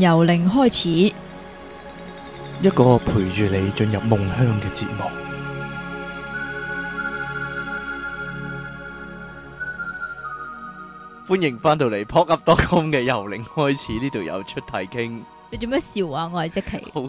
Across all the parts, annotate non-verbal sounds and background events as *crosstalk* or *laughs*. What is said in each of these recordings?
由零開始，一個陪住你進入夢鄉嘅節目。 *music* 歡迎返到嚟，撲噏多空》嘅由零開始，呢度有出題傾。你做咩笑啊？我係即奇，好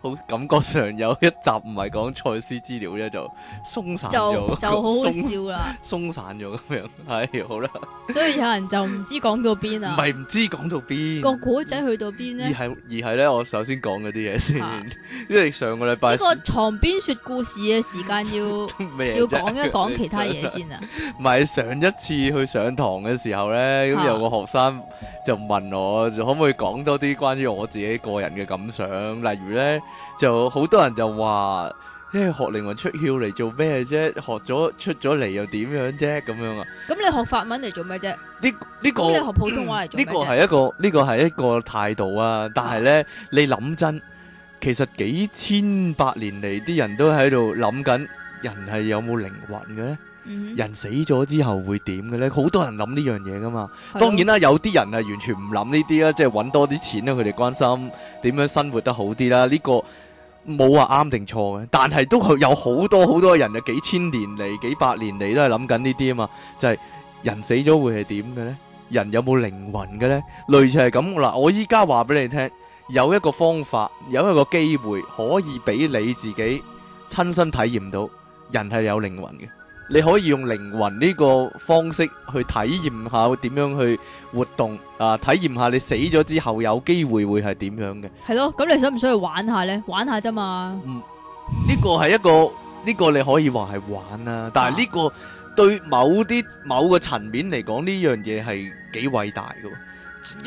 好感覺上有一集唔係講賽斯資料咧，就鬆散咗，就就好笑啦，鬆散咗咁樣，係好啦。所以有人就唔知講到邊啊？唔係唔知講到邊個古仔去到邊咧？而係而係咧，我首先講嗰啲嘢先，啊、因為上個禮拜呢個床邊說故事嘅時間要要講一講其他嘢先啊。唔係 *laughs* 上一次去上堂嘅時候咧，咁、啊、有個學生就問我可唔可以講多啲關於我自己。自己個人嘅感想，例如咧就好多人就話，誒學靈魂出竅嚟做咩啫？學咗出咗嚟又點樣啫？咁樣啊？咁你學法文嚟做咩啫？呢呢個，咁你學普通話嚟做咩啫？呢個係一個呢個係一個態度啊！但係咧，你諗真，其實幾千百年嚟，啲人都喺度諗緊，人係有冇靈魂嘅咧？人死咗之後會點嘅呢？好多人諗呢樣嘢噶嘛。 *noise* 當然啦，有啲人係完全唔諗呢啲啦，即係揾多啲錢啦。佢哋關心點樣生活得好啲啦。呢、呢個冇話啱定錯嘅，但係都係有好多好多人啊，幾千年嚟、幾百年嚟都係諗緊呢啲啊嘛。就係、是、人死咗會係點嘅呢？人有冇靈魂嘅呢？類似係咁嗱，我依家話俾你聽，有一個方法，有一個機會可以俾你自己親身體驗到人係有靈魂嘅。你可以用靈魂呢個方式去體驗下點樣去活動啊！體驗下你死咗之後有機會會係點樣嘅？係咯，咁你想唔想去玩下呢？玩下啫嘛。嗯，呢個係一個呢個你可以話係玩啊，但係呢個對某啲某個層面嚟講，呢樣嘢係幾偉大㗎，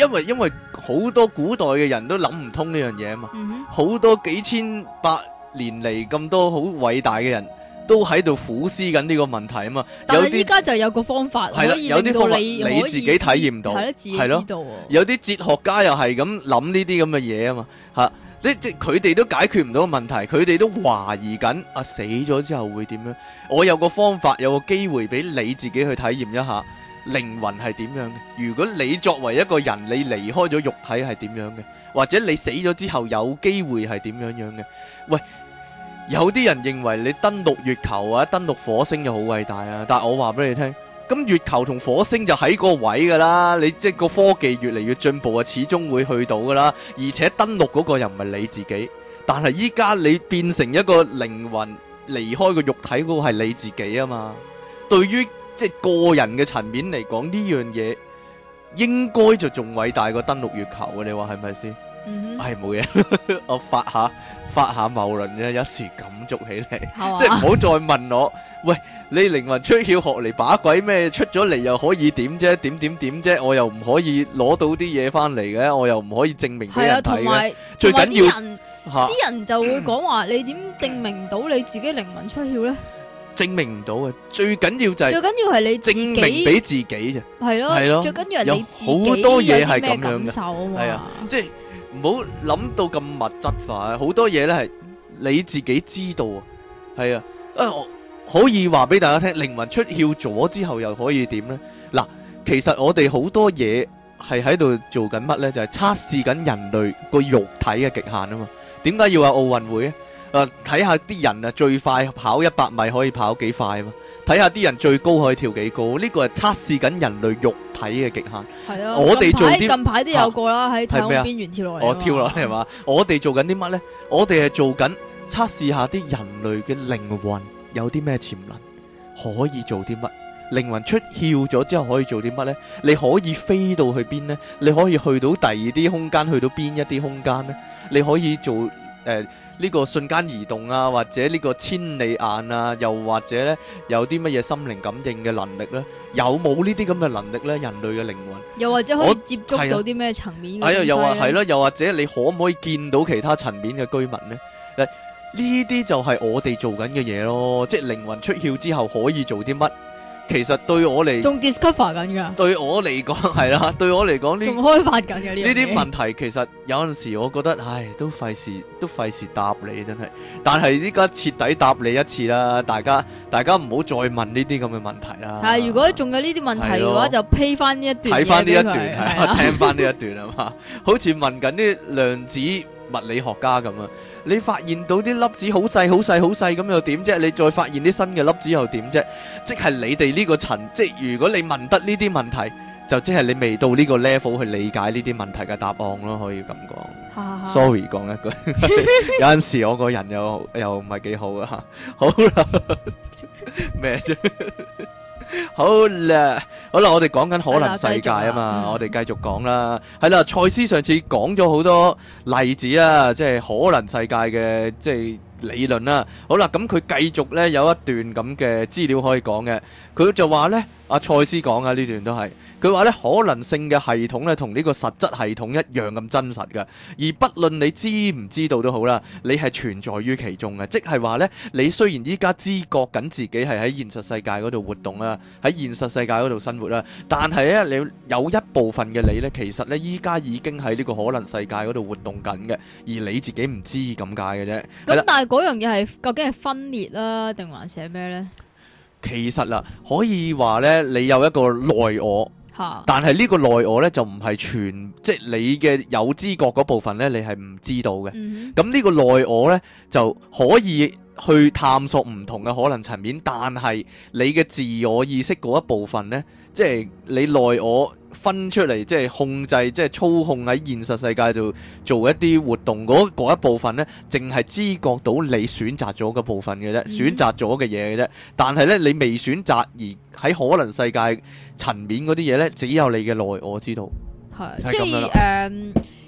因為因為好多古代嘅人都諗唔通呢樣嘢啊嘛，好多幾千百年嚟咁多好偉大嘅人。都喺度苦思緊呢個問題啊嘛，但係依家就有個方法的可以令到你自己體驗到，係咯的，的哦、有啲哲學家又係咁諗呢啲咁嘅嘢啊嘛，吓，即即佢哋都解決唔到個問題，佢哋都懷疑緊啊，死咗之後會點樣？我有個方法，有個機會俾你自己去體驗一下靈魂係點樣嘅。如果你作為一個人，你離開咗肉體係點樣嘅，或者你死咗之後有機會係點樣樣嘅？喂！有啲人認為你登陸月球啊，登陸火星就好偉大啊！但係我話俾你聽，咁月球同火星就喺個位噶啦，你即係個科技越嚟越進步啊，始終會去到噶啦。而且登陸嗰個又唔係你自己，但係依家你變成一個靈魂離開個肉體嗰個係你自己啊嘛。對於即係個人嘅層面嚟講，呢樣嘢應該就仲偉大過登陸月球啊！你話係咪先？係冇嘢，我發下發下謬論啫，有時感觸起嚟，即係唔好再問我。喂，你靈魂出竅學嚟把鬼咩？出咗嚟又可以點啫？點點點啫？我又唔可以攞到啲嘢翻嚟嘅，我又唔可以證明俾人睇嘅。最緊要啲人，啲人就會講話你點證明到你自己靈魂出竅咧？證明唔到嘅，最緊要就係最緊要係你證明俾自己啫，係咯，係咯。最緊要係你自己有好多嘢係咁樣嘅感受啊嘛，即係。唔好諗到咁物質化啊！好多嘢咧，係你自己知道啊，係啊，啊，我可以話俾大家聽，靈魂出竅咗之後又可以點咧？嗱，其實我哋好多嘢係喺度做緊乜咧？就係測試緊人類個肉體嘅極限啊嘛。點解要有奧運會咧？誒，睇下啲人啊，最快跑一百米可以跑幾快啊嘛？睇下啲人最高可以跳幾高？呢個係測試緊人類肉。睇嘅極限係啊！我哋做啲近排都有過啦，喺太空邊緣跳落嚟、啊。我跳落係嘛？啊、我哋做緊啲乜呢？我哋係做緊測試下啲人類嘅靈魂有啲咩潛能，可以做啲乜？靈魂出竅咗之後可以做啲乜呢？你可以飛到去邊呢？你可以去到第二啲空間，去到邊一啲空間呢？你可以做誒？呃呢個瞬間移動啊，或者呢個千里眼啊，又或者咧有啲乜嘢心靈感應嘅能力呢？有冇呢啲咁嘅能力呢？人類嘅靈魂，又或者可以接觸到啲咩、啊、層面？係、哎、呀又話係咯、啊，又或者你可唔可以見到其他層面嘅居民呢？呢啲就係我哋做緊嘅嘢咯，即、就、係、是、靈魂出竅之後可以做啲乜？其實對我嚟講仲 discover 緊噶對我嚟講係啦，對我嚟講呢仲開發緊嘅呢啲，呢啲問題其實有陣時我覺得，唉，都費事，都費事答你真係。但係依家徹底答你一次啦，大家大家唔好再問呢啲咁嘅問題啦。係，如果仲有呢啲問題嘅話，咯就 play 翻呢一段，睇翻呢一段，聽翻呢一段啊嘛，好似問緊啲量子，物理學家咁啊，你發現到啲粒子好細、好細、好細咁又點啫？你再發現啲新嘅粒子又點啫？即係你哋呢個層，即如果你問得呢啲問題，就即係你未到呢個 level 去理解呢啲問題嘅答案咯。可以咁講。啊啊、Sorry，講一句， *laughs* 有陣時我個人又又唔係幾好啊。好啦，咩 *laughs* 啫呢？ *laughs* 好啦，好啦，我哋講緊可能世界啊嘛，哎啊嗯、我哋繼續講啦。係啦，賽斯上次講咗好多例子啊，即係可能世界嘅，即係理論啦、啊。好啦，咁佢繼續咧有一段咁嘅資料可以講嘅，佢就話咧。阿賽斯講啊，呢段都係佢話呢，可能性嘅系統呢，同呢個實質系統一樣咁真實㗎，而不論你知唔知道都好啦，你係存在於其中嘅。即係話呢，你雖然依家知覺緊自己係喺現實世界嗰度活動啦、啊，喺現實世界嗰度生活啦、啊，但係呢，你有一部分嘅你呢，其實呢，依家已經喺呢個可能世界嗰度活動緊嘅，而你自己唔知咁解嘅啫。咁、嗯、了但係嗰樣嘢係究竟係分裂啦、啊，定還是係咩呢？其實啦、啊，可以話咧，你有一個內我， *noise* 但係呢個內我咧就唔係全，即係你嘅有知覺嗰部分咧，你係唔知道嘅。咁 *noise* 呢個內我咧就可以去探索唔同嘅可能層面，但係你嘅自我意識嗰一部分咧。即係你內我分出嚟，即係控制，即係操控喺現實世界度做一啲活動。嗰一部分呢淨係知覺到你選擇咗嘅部分嘅啫，嗯、選擇咗嘅嘢嘅啫。但係呢，你未選擇而喺可能世界層面嗰啲嘢呢，只有你嘅內我知道。係、嗯，就咁樣即係誒。呃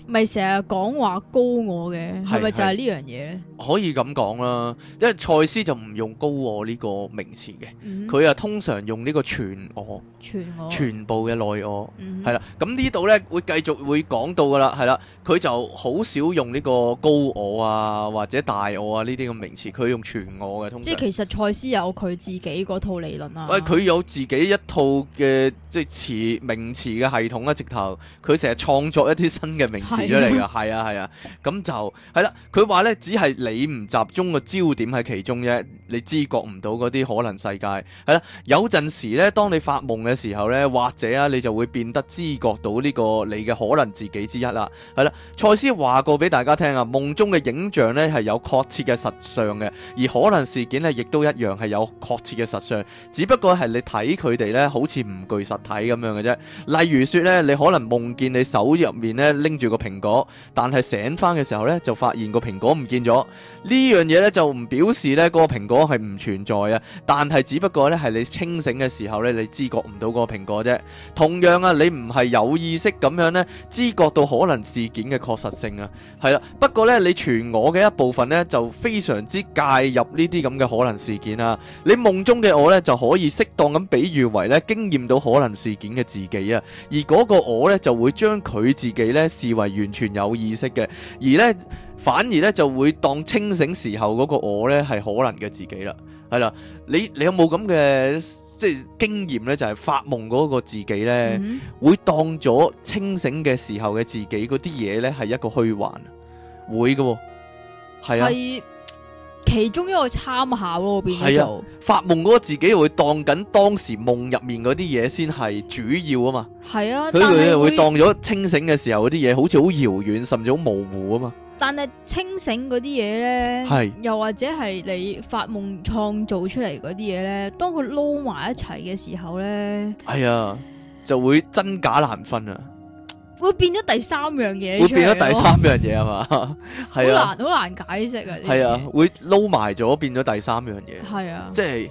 咪成日講話高我嘅，係咪就係呢樣嘢咧？可以咁講啦，因為賽斯就唔用高我呢個名詞嘅，佢啊、嗯、通常用呢個全我，全我全部嘅內我，係啦、嗯哼。咁呢度咧會繼續會講到噶啦，係啦，佢就好少用呢個高我啊，或者大我啊呢啲咁名詞，佢用全我嘅通常。即係其實賽斯有佢自己嗰套理論啊。喂，佢有自己一套嘅即係詞名詞嘅系統啊，直頭佢成日創作一啲新嘅名詞。出嚟噶，係啊係啊，咁就係啦。佢話呢，只係你唔集中個焦點喺其中啫，你知覺唔到嗰啲可能世界。係啦，有陣時呢，當你發夢嘅時候呢，或者啊，你就會變得知覺到呢個你嘅可能自己之一啦。係啦，賽斯話過俾大家聽啊，夢中嘅影像呢係有確切嘅實相嘅，而可能事件呢亦都一樣係有確切嘅實相，只不過係你睇佢哋呢，好似唔具實體咁樣嘅啫。例如說呢，你可能夢見你手入面呢拎住個。蘋果，但係醒翻嘅時候咧，就發現個蘋果唔見咗。呢樣嘢咧就唔表示咧個蘋果係唔存在啊，但係只不過咧係你清醒嘅時候咧，你知覺唔到個蘋果啫。同樣啊，你唔係有意識咁樣咧知覺到可能事件嘅確實性啊。係啦，不過咧你全我嘅一部分咧就非常之介入呢啲咁嘅可能事件啊。你夢中嘅我咧就可以適當咁比喻為咧經驗到可能事件嘅自己啊，而嗰個我咧就會將佢自己咧視為。完全有意識嘅，而咧，反而咧就會當清醒時候嗰個我咧係可能嘅自己啦，係啦，你你有冇咁嘅即係經驗咧？就係、是、發夢嗰個自己咧，mm hmm. 會當咗清醒嘅時候嘅自己嗰啲嘢咧係一個虛幻，會㗎喎、哦，係啊。其中一個參考咯，變咗就、啊、發夢嗰個自己又會當緊當時夢入面嗰啲嘢先係主要啊嘛。係啊，佢哋就會，會當咗清醒嘅時候嗰啲嘢，好似好遙遠甚至好模糊啊嘛。但係清醒嗰啲嘢咧，是又或者係你發夢創造出嚟嗰啲嘢咧，當佢撈埋一齊嘅時候咧，係啊，就會真假難分啊！會變咗第三樣嘢出嚟，會變咗第三樣嘢係嘛？係好、 *laughs* *laughs* 啊、難好、 *laughs* 啊、難解釋啊！係啊，會撈埋咗變咗第三樣嘢，係啊，即係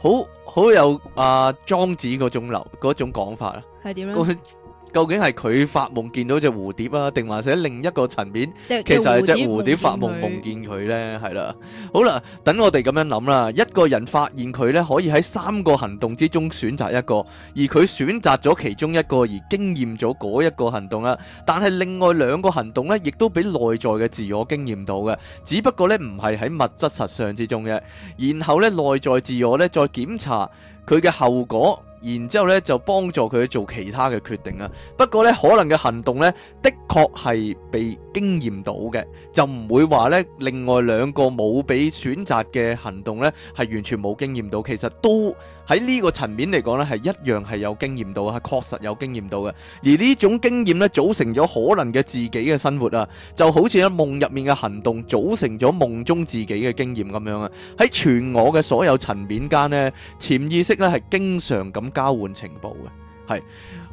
好好有阿莊、啊、子嗰種流嗰種講法啦。係點咧？ *laughs* 究竟係佢發夢見到隻蝴蝶啊，定還是另一個層面，其實係隻蝴蝶發夢夢見佢呢？係啦。好啦，等我哋咁樣諗啦。一個人發現佢呢，可以喺三個行動之中選擇一個，而佢選擇咗其中一個而經驗咗嗰一個行動啦，但係另外兩個行動呢，亦都俾內在嘅自我經驗到嘅，只不過呢，唔係喺物質實相之中嘅。然後呢，內在自我呢，再檢查佢嘅後果。然之後咧，就幫助佢做其他嘅決定啊。不過咧，可能嘅行動咧，的確係被經驗到嘅，就唔會話咧另外兩個冇俾選擇嘅行動咧，係完全冇經驗到。其實都。喺呢個層面嚟講咧，係一樣係有經驗到，係確實有經驗到嘅。而呢種經驗咧，組成咗可能嘅自己嘅生活啊，就好似喺夢入面嘅行動組成咗夢中自己嘅經驗咁樣啊。喺全我嘅所有層面間咧，潛意識咧係經常咁交換情報嘅，係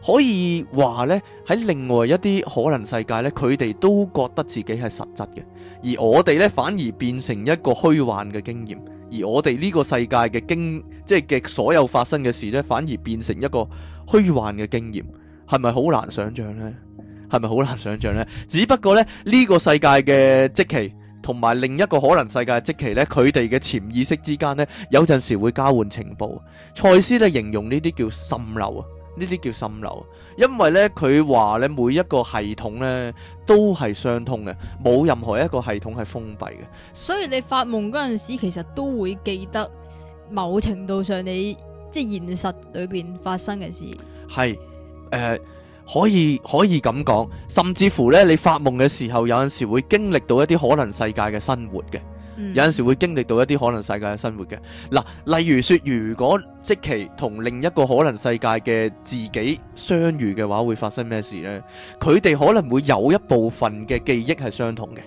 可以話咧喺另外一啲可能世界咧，佢哋都覺得自己係實質嘅，而我哋咧反而變成一個虛幻嘅經驗。而我哋呢個世界嘅經，即係嘅所有發生嘅事咧，反而變成一個虛幻嘅經驗，係咪好難想象呢？係咪好難想象呢？只不過呢，呢、這個世界嘅即期，同埋另一個可能世界嘅即期咧，佢哋嘅潛意識之間咧，有陣時會交換情報。賽斯咧形容呢啲叫滲漏啊，呢啲叫滲漏。因為咧佢話咧每一個系統咧都係相通嘅，冇任何一個系統係封閉嘅。所以你發夢嗰陣時，其實都會記得某程度上你即係現實裏邊發生嘅事。係誒、呃，可以可以咁講，甚至乎咧你發夢嘅時候，有陣時會經歷到一啲可能世界嘅生活嘅。有陣時會經歷到一啲可能世界嘅生活嘅，嗱，例如說，如果即其同另一個可能世界嘅自己相遇嘅話，會發生咩事呢？佢哋可能會有一部分嘅記憶係相同嘅，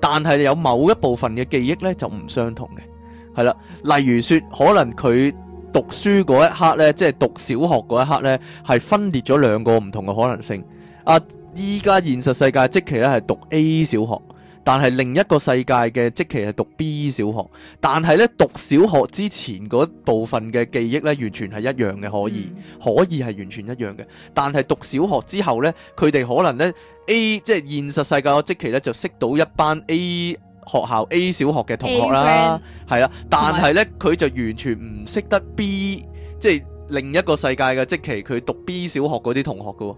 但係有某一部分嘅記憶呢就唔相同嘅，係啦。例如說，可能佢讀書嗰一刻呢，即係讀小學嗰一刻呢，係分裂咗兩個唔同嘅可能性。啊，依家現實世界即其呢，係讀 A 小學。但係另一個世界嘅自己係讀 B 小學，但係呢讀小學之前嗰部分嘅記憶呢，完全係一樣嘅，可以、嗯、可以係完全一樣嘅。但係讀小學之後呢，佢哋可能呢，A 即係現實世界嘅自己呢，就識到一班 A 學校 A 小學嘅同學啦，係啦 England.、啊。但係呢，佢就完全唔識得 B 即係、嗯、另一個世界嘅自己。佢讀 B 小學嗰啲同學嘅喎、哦。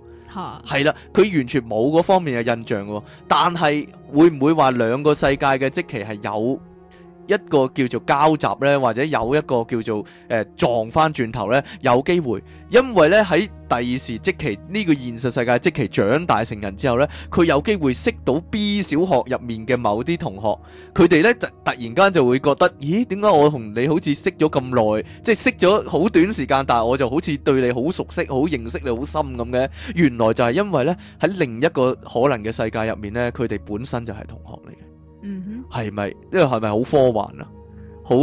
係啦，佢完全冇嗰方面嘅印象喎，但係會唔會話兩個世界嘅即期係有，一個叫做交集呢，或者有一個叫做誒、呃、撞返轉頭呢，有機會，因為呢，喺第二時即期呢、這個現實世界即期長大成人之後呢，佢有機會識到 B 小學入面嘅某啲同學，佢哋呢，突然間就會覺得，咦，點解我同你好似識咗咁耐，即係識咗好短時間，但係我就好似對你好熟悉、好認識你好深咁嘅？原來就係因為呢，喺另一個可能嘅世界入面呢，佢哋本身就係同學嚟嘅。係咪呢個係咪好科幻啊？好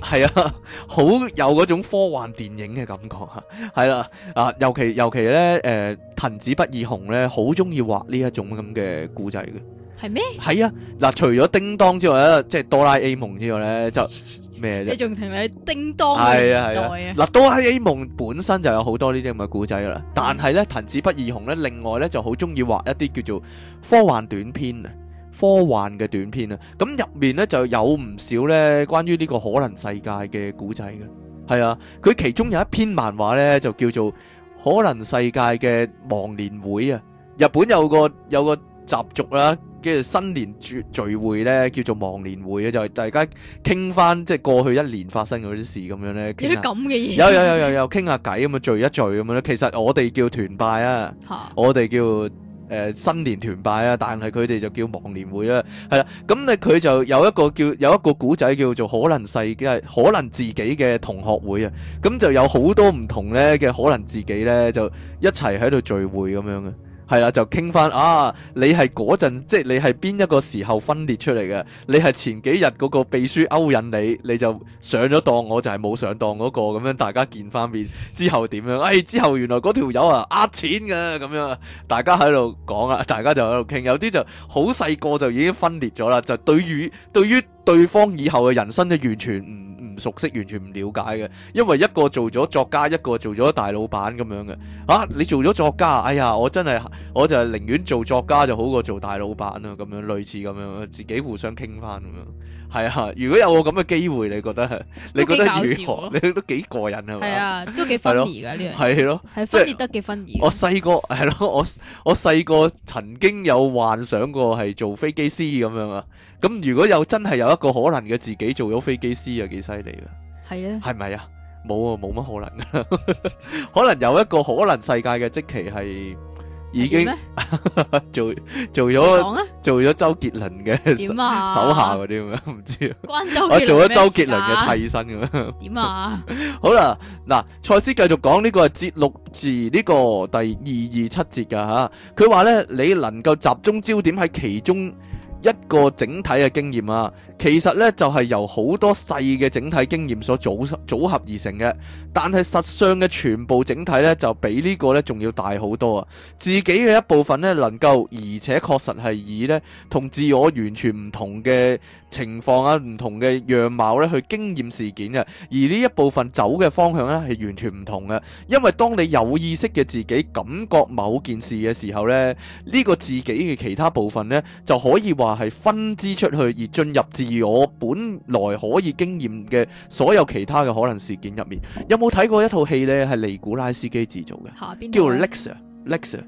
係啊，好有嗰種科幻電影嘅感覺吓，係啦啊，啊，尤其尤其咧，誒、呃，藤子不二雄咧，好中意畫呢一種咁嘅古仔嘅。係咩？係啊，嗱、啊，除咗叮當之外咧，即係哆啦 A 夢之外咧，就咩咧？呢 *laughs* 你仲停喺叮當嘅年代啊？嗱、啊，哆啦 A 夢本身就有好多、嗯、呢啲咁嘅古仔噶啦，但係咧，藤子不二雄咧，另外咧就好中意畫一啲叫做科幻短篇啊。科幻嘅短片啊，咁入面咧就有唔少咧關於呢個可能世界嘅古仔嘅。係啊，佢其中有一篇漫畫咧就叫做《可能世界嘅忘年會》啊。日本有個有個習俗啦，叫做新年聚聚會咧叫做忘年會啊，就係大家傾翻即係過去一年發生嗰啲事咁樣咧。有啲咁嘅嘢，有有有有有，傾下偈咁啊，聚一聚咁樣咧。其實我哋叫團拜啊，吓？我哋叫。誒新年團拜啊，但係佢哋就叫忘年會啊，係啦，咁咧佢就有一個叫有一個古仔叫做可能世界，可能自己嘅同學會啊，咁就有好多唔同咧嘅可能自己咧就一齊喺度聚會咁樣嘅。係啦，就傾翻啊！你係嗰陣，即係你係邊一個時候分裂出嚟嘅？你係前幾日嗰個秘書勾引你，你就上咗當，我就係冇上當嗰、嗰個咁樣。大家見翻面之後點樣？誒、哎，之後原來嗰條友啊呃、啊、錢嘅咁樣，大家喺度講啦，大家就喺度傾。有啲就好細個就已經分裂咗啦，就對於對於對方以後嘅人生就完全唔唔熟悉，完全唔了解嘅，因為一個做咗作家，一個做咗大老闆咁樣嘅。嚇，啊，你做咗作家，哎呀，我真係，我就係寧願做作家就好過做大老闆啊。咁樣類似咁樣，自己互相傾翻咁樣。係啊，如果有個咁嘅機會，你覺得係你覺得如何？都你都幾過癮啊？係吧啊，都幾分裂噶呢樣。係咯、啊，係分裂得幾分裂。我細個係咯，我我細個曾經有幻想過係做飛機師咁樣啊。咁如果有真係有一個可能嘅自己做咗飛機師，又幾犀利啊？係啊？係咪啊？冇啊，冇乜可能噶。 *laughs* 可能有一個可能世界嘅即期係。已經 *laughs* 做做咗做咗周杰倫嘅手下嗰啲咩？唔知啊，我做咗周杰倫嘅 *laughs* 替身咁樣。點啊？ *laughs* 好啦，嗱，賽斯繼續講呢、這個係節錄自、這個、呢個第二二七節噶吓，佢話咧，你能夠集中焦點喺其中。一個整體嘅經驗啊，其實咧就係由好多細嘅整體經驗所組組合而成嘅。但係實相嘅全部整體咧，就比呢個咧仲要大好多啊！自己嘅一部分咧，能夠而且確實係以咧同自我完全唔同嘅情況啊，唔同嘅樣貌咧去經驗事件嘅。而呢一部分走嘅方向咧係完全唔同嘅，因為當你有意識嘅自己感覺某件事嘅時候咧，呢個自己嘅其他部分咧就可以話。係分支出去而進入自我本來可以經驗嘅所有其他嘅可能事件入面，有冇睇過一套戲咧？係尼古拉斯基製造嘅，邊叫 Lexa，er, er。Lexa、er、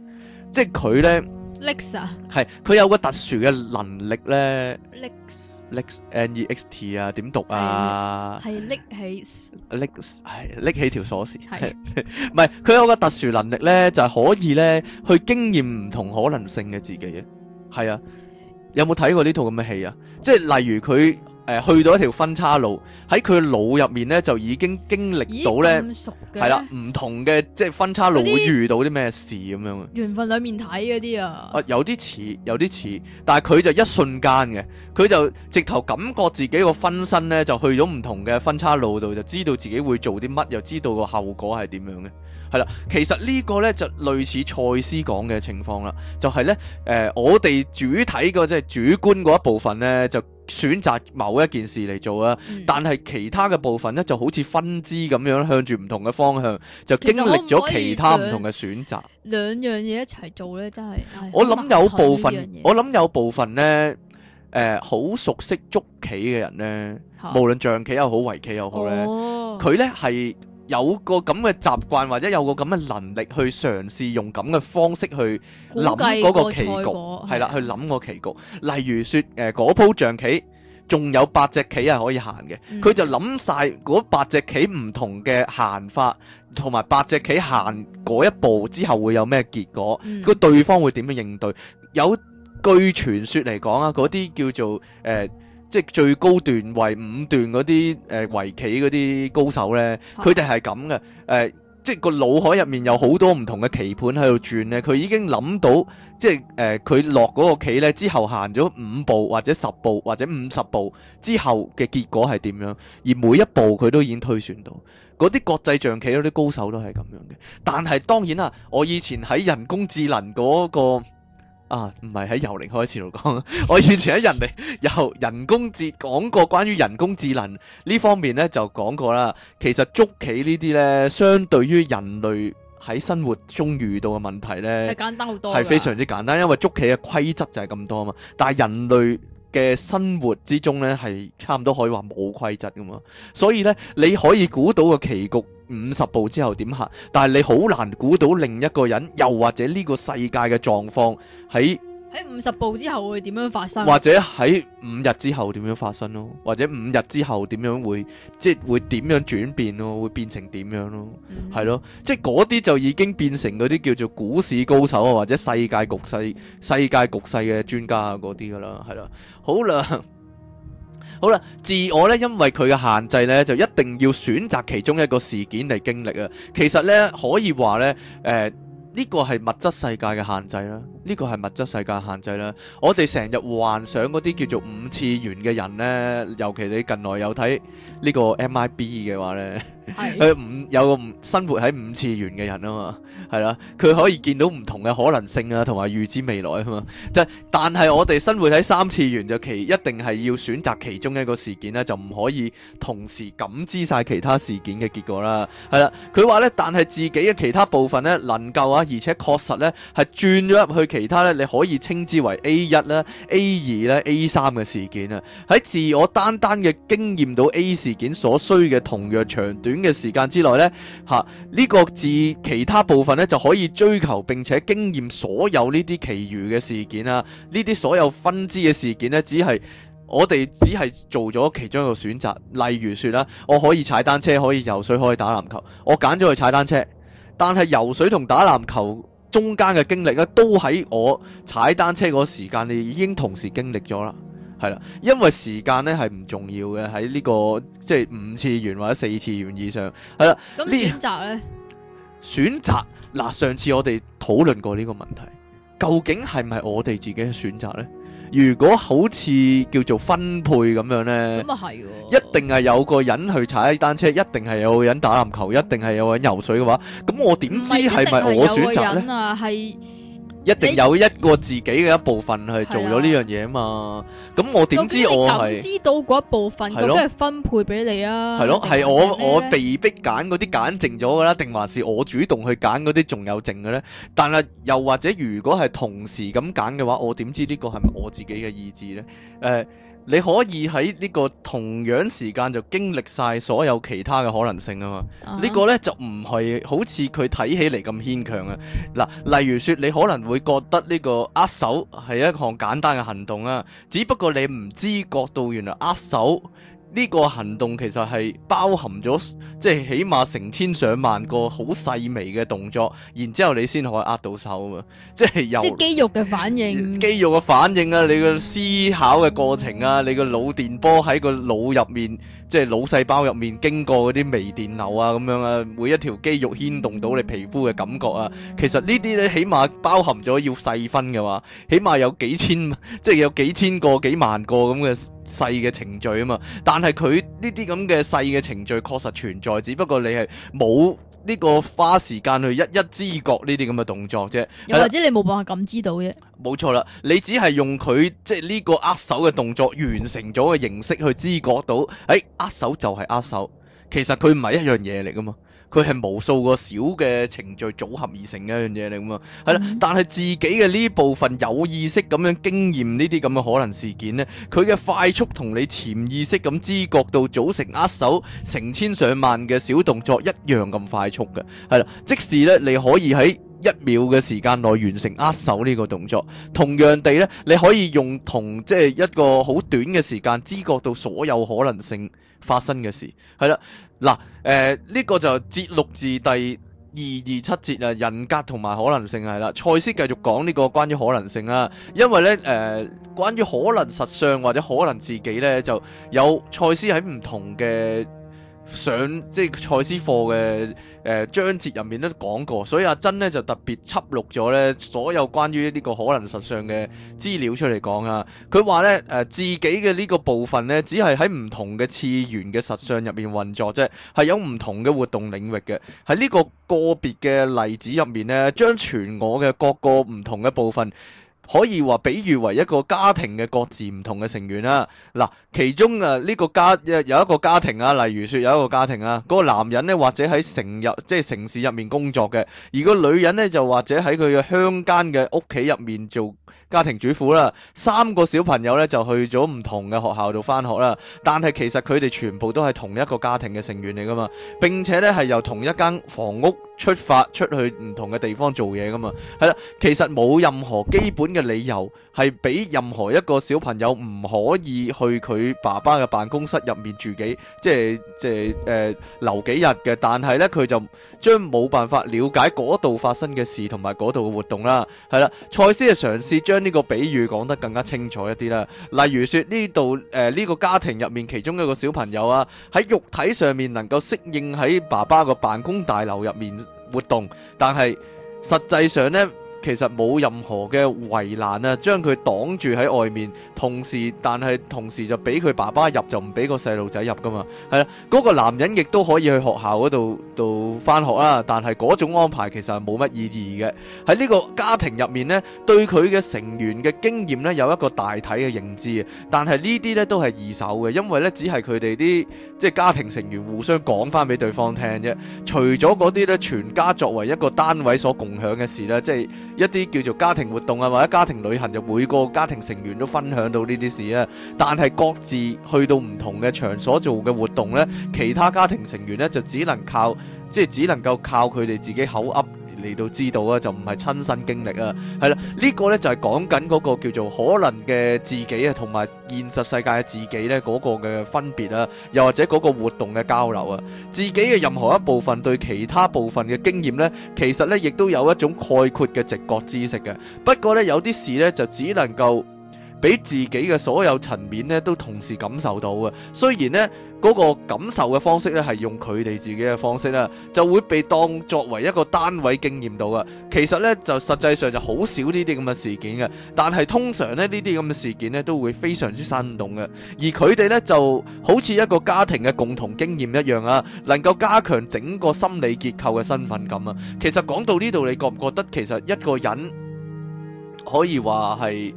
即係佢咧。Lexa 係佢有個特殊嘅能力咧。Lex。Lex N E X T 啊？點讀啊？係拎起。拎，係拎起條鎖匙。係唔係？佢 *laughs* 有個特殊能力咧，就係、是、可以咧去經驗唔同可能性嘅自己嘅。係啊。有冇睇過呢套咁嘅戲啊？即係例如佢誒、呃、去到一條分岔路，喺佢腦入面咧就已經經歷到咧，係啦，唔同嘅即係分岔路會遇到啲咩事咁樣。緣分裏面睇嗰啲啊，啊、呃、有啲似有啲似，但係佢就一瞬間嘅，佢就直頭感覺自己個分身咧就去咗唔同嘅分岔路度，就知道自己會做啲乜，又知道個後果係點樣嘅。其實呢個呢，就類似賽斯講嘅情況啦，就係、是、呢，誒、呃，我哋主體嘅即係主觀嗰一部分呢，就選擇某一件事嚟做啊，嗯、但係其他嘅部分呢，就好似分支咁樣向住唔同嘅方向，就經歷咗其他唔同嘅選擇。兩樣嘢一齊做呢，真係我諗有部分，我諗有部分呢，誒、呃，好熟悉捉棋嘅人呢，啊、無論象棋又好，圍棋又好呢，佢呢係，有個咁嘅習慣或者有個咁嘅能力去嘗試用咁嘅方式去諗嗰個棋局，係啦，的的去諗個棋局。例如説，誒、呃、嗰鋪象棋仲有八隻棋係可以行嘅，佢、嗯、就諗晒嗰八隻棋唔同嘅行法，同埋八隻棋行嗰一步之後會有咩結果，個、嗯、對方會點樣應對。有據傳説嚟講啊，嗰啲叫做誒。呃即係最高段為五段嗰啲誒圍棋嗰啲高手咧，佢哋係咁嘅，誒，即係個腦海入面有好多唔同嘅棋盤喺度轉咧，佢已經諗到即係誒佢落嗰個棋咧之後行咗五步或者十步或者五十步之後嘅結果係點樣，而每一步佢都已經推算到。嗰啲國際象棋嗰啲高手都係咁樣嘅，但係當然啦，我以前喺人工智能嗰個啊，唔係喺幽靈開始度講， *laughs* 我以前喺人哋由人工智能講過關於人工智能呢方面呢就講過啦。其實捉棋呢啲呢，相對於人類喺生活中遇到嘅問題呢，係簡單好多，係非常之簡單，因為捉棋嘅規則就係咁多啊嘛。但係人類嘅生活之中呢，係差唔多可以話冇規則噶嘛，所以呢，你可以估到個棋局，五十步之後點行？但係你好難估到另一個人，又或者呢個世界嘅狀況喺喺五十步之後會點樣發生？或者喺五日之後點樣發生咯？或者五日之後點樣會即係會點樣轉變咯？會變成點樣咯？係咯、mm？即係嗰啲就已經變成嗰啲叫做股市高手啊，或者世界局勢、世界局勢嘅專家嗰啲噶啦，係啦，好啦。好啦，自我咧，因為佢嘅限制咧，就一定要選擇其中一個事件嚟經歷啊。其實咧，可以話咧，誒，呢個係物質世界嘅限制啦。呢個係物質世界限制啦！我哋成日幻想啲叫做五次元嘅人咧，尤其你近來有睇呢個 MIB 嘅話咧，佢五的有個五生活喺五次元嘅人啊嘛，係啦，佢可以見到唔同嘅可能性啊，同埋預知未來啊嘛。就但係我哋生活喺三次元，就其一定係要選擇其中一個事件咧，就唔可以同時感知晒其他事件嘅結果啦。係啦，佢話咧，但係自己嘅其他部分咧能夠啊，而且確實咧係轉咗入去。其他咧，你可以稱之為 A 一啦、A 二啦、A 三嘅事件啊。喺自我單單嘅經驗到 A 事件所需嘅同樣長短嘅時間之內呢，吓呢個自其他部分呢，就可以追求並且經驗所有呢啲其餘嘅事件啦。呢啲所有分支嘅事件呢，只係我哋只係做咗其中一個選擇。例如說啦，我可以踩單車，可以游水，可以打籃球。我揀咗去踩單車，但係游水同打籃球。中間嘅經歷咧，都喺我踩單車嗰時間，你已經同時經歷咗啦，係啦，因為時間咧係唔重要嘅，喺呢個即係、就是、五次元或者四次元以上，係啦。咁選擇咧？選擇嗱，上次我哋討論過呢個問題，究竟係唔係我哋自己嘅選擇咧？如果好似叫做分配咁樣呢？ *music* 一定係有個人去踩單車，一定係有個人打籃球，一定係有，有個人游水嘅話，咁我點知係咪我選擇咧？一定有一個自己嘅一部分係做咗呢樣嘢啊嘛，咁我點知我係知道嗰一部分咁都係分配俾你啊？係咯，係我我被逼揀嗰啲揀剩咗噶啦，定還是我主動去揀嗰啲仲有剩嘅呢？但係又或者如果係同時咁揀嘅話，我點知呢個係咪我自己嘅意志呢？誒。你可以喺呢個同樣時間就經歷晒所有其他嘅可能性啊嘛！呢個呢，uh huh，就唔係好似佢睇起嚟咁牽強啊。嗱，例如說，你可能會覺得呢個握手係一項簡單嘅行動啊，只不過你唔知覺到原來握手。呢個行動其實係包含咗，即係起碼成千上萬個好細微嘅動作，然之後你先可以壓到手啊！即係由即係肌肉嘅反應，肌肉嘅反應啊！你嘅思考嘅過程啊，你嘅腦電波喺個腦入面，即係腦細胞入面經過嗰啲微電流啊，咁樣啊，每一條肌肉牽動到你皮膚嘅感覺啊，其實呢啲咧起碼包含咗要細分嘅話，起碼有幾千，即係有幾千個、幾萬個咁嘅細嘅程序啊嘛，但係佢呢啲咁嘅細嘅程序確實存在，只不過你係冇呢個花時間去一一知覺呢啲咁嘅動作啫，又或者的你冇辦法感知到啫。冇錯啦，你只係用佢即係呢個握手嘅動作完成咗嘅形式去知覺到，誒、哎、握手就係握手，其實佢唔係一樣嘢嚟噶嘛。佢係無數個小嘅程序組合而成嘅一樣嘢嚟咁啊，係啦。但係自己嘅呢一部分有意識咁樣經驗呢啲咁嘅可能事件呢，佢嘅快速同你潛意識咁知覺到組成握手成千上萬嘅小動作一樣咁快速嘅，係啦。即使呢，你可以喺一秒嘅時間內完成握手呢個動作，同樣地呢，你可以用同即係一個好短嘅時間知覺到所有可能性。發生嘅事係啦，嗱誒呢個就節錄至第二二七節啊，人格同埋可能性係啦。賽斯繼續講呢個關於可能性啦，因為呢誒、呃、關於可能實相或者可能自己呢，就有賽斯喺唔同嘅。上即係賽斯課嘅誒章節入面都講過，所以阿珍咧就特別輯錄咗咧所有關於呢個可能實相嘅資料出嚟講啊。佢話咧誒自己嘅呢個部分咧，只係喺唔同嘅次元嘅實相入面運作啫，係有唔同嘅活動領域嘅。喺呢個個別嘅例子入面咧，將全我嘅各個唔同嘅部分。可以話，比喻為一個家庭嘅各自唔同嘅成員啦。嗱，其中啊，呢個家有一個家庭啊，例如說有一個家庭啊，嗰個男人呢，或者喺城入即係城市入面工作嘅，而個女人呢，就或者喺佢嘅鄉間嘅屋企入面做家庭主婦啦。三個小朋友呢，就去咗唔同嘅學校度返學啦，但係其實佢哋全部都係同一個家庭嘅成員嚟㗎嘛。並且呢，係由同一間房屋，出發出去唔同嘅地方做嘢噶嘛，係啦，其實冇任何基本嘅理由係俾任何一個小朋友唔可以去佢爸爸嘅辦公室入面住幾即係即係誒、呃、留幾日嘅，但係咧佢就將冇辦法了解嗰度發生嘅事同埋嗰度嘅活動啦。係啦，賽斯嘅嘗試將呢個比喻講得更加清楚一啲啦。例如說呢度誒，呢個家庭入面其中一個小朋友啊，喺肉體上面能夠適應，喺爸爸個辦公大樓入面。活動，但係實際上呢。其實冇任何嘅圍欄啊，將佢擋住喺外面。同時，但係同時就俾佢爸爸入，就唔俾個細路仔入噶嘛。係啦，嗰、嗰個男人亦都可以去學校嗰度度翻學啦。但係嗰種安排其實係冇乜意義嘅。喺呢個家庭入面呢，對佢嘅成員嘅經驗呢，有一個大體嘅認知啊。但係呢啲呢都係二手嘅，因為呢只係佢哋啲即係家庭成員互相講翻俾對方聽啫。除咗嗰啲呢全家作為一個單位所共享嘅事呢，即係。一啲叫做家庭活動啊，或者家庭旅行，就每個家庭成員都分享到呢啲事啊。但係各自去到唔同嘅場所做嘅活動呢，其他家庭成員呢，就只能靠，即係只能夠靠佢哋自己口噏。嚟到知道啊，就唔係親身經歷啊，係啦，呢個咧就係講緊嗰個叫做可能嘅自己啊，同埋現實世界嘅自己咧嗰個嘅分別啊，又或者嗰個活動嘅交流啊，自己嘅任何一部分對其他部分嘅經驗咧，其實咧亦都有一種概括嘅直覺知識嘅，不過咧有啲事咧就只能夠。俾自己嘅所有層面咧，都同時感受到嘅。雖然呢，嗰個感受嘅方式咧，係用佢哋自己嘅方式啦，就會被當作為一個單位經驗到嘅。其實呢，就實際上就好少呢啲咁嘅事件嘅，但係通常呢，呢啲咁嘅事件呢，都會非常之生動嘅。而佢哋呢，就好似一個家庭嘅共同經驗一樣啊，能夠加強整個心理結構嘅身份感啊。其實講到呢度，你覺唔覺得其實一個人可以話係？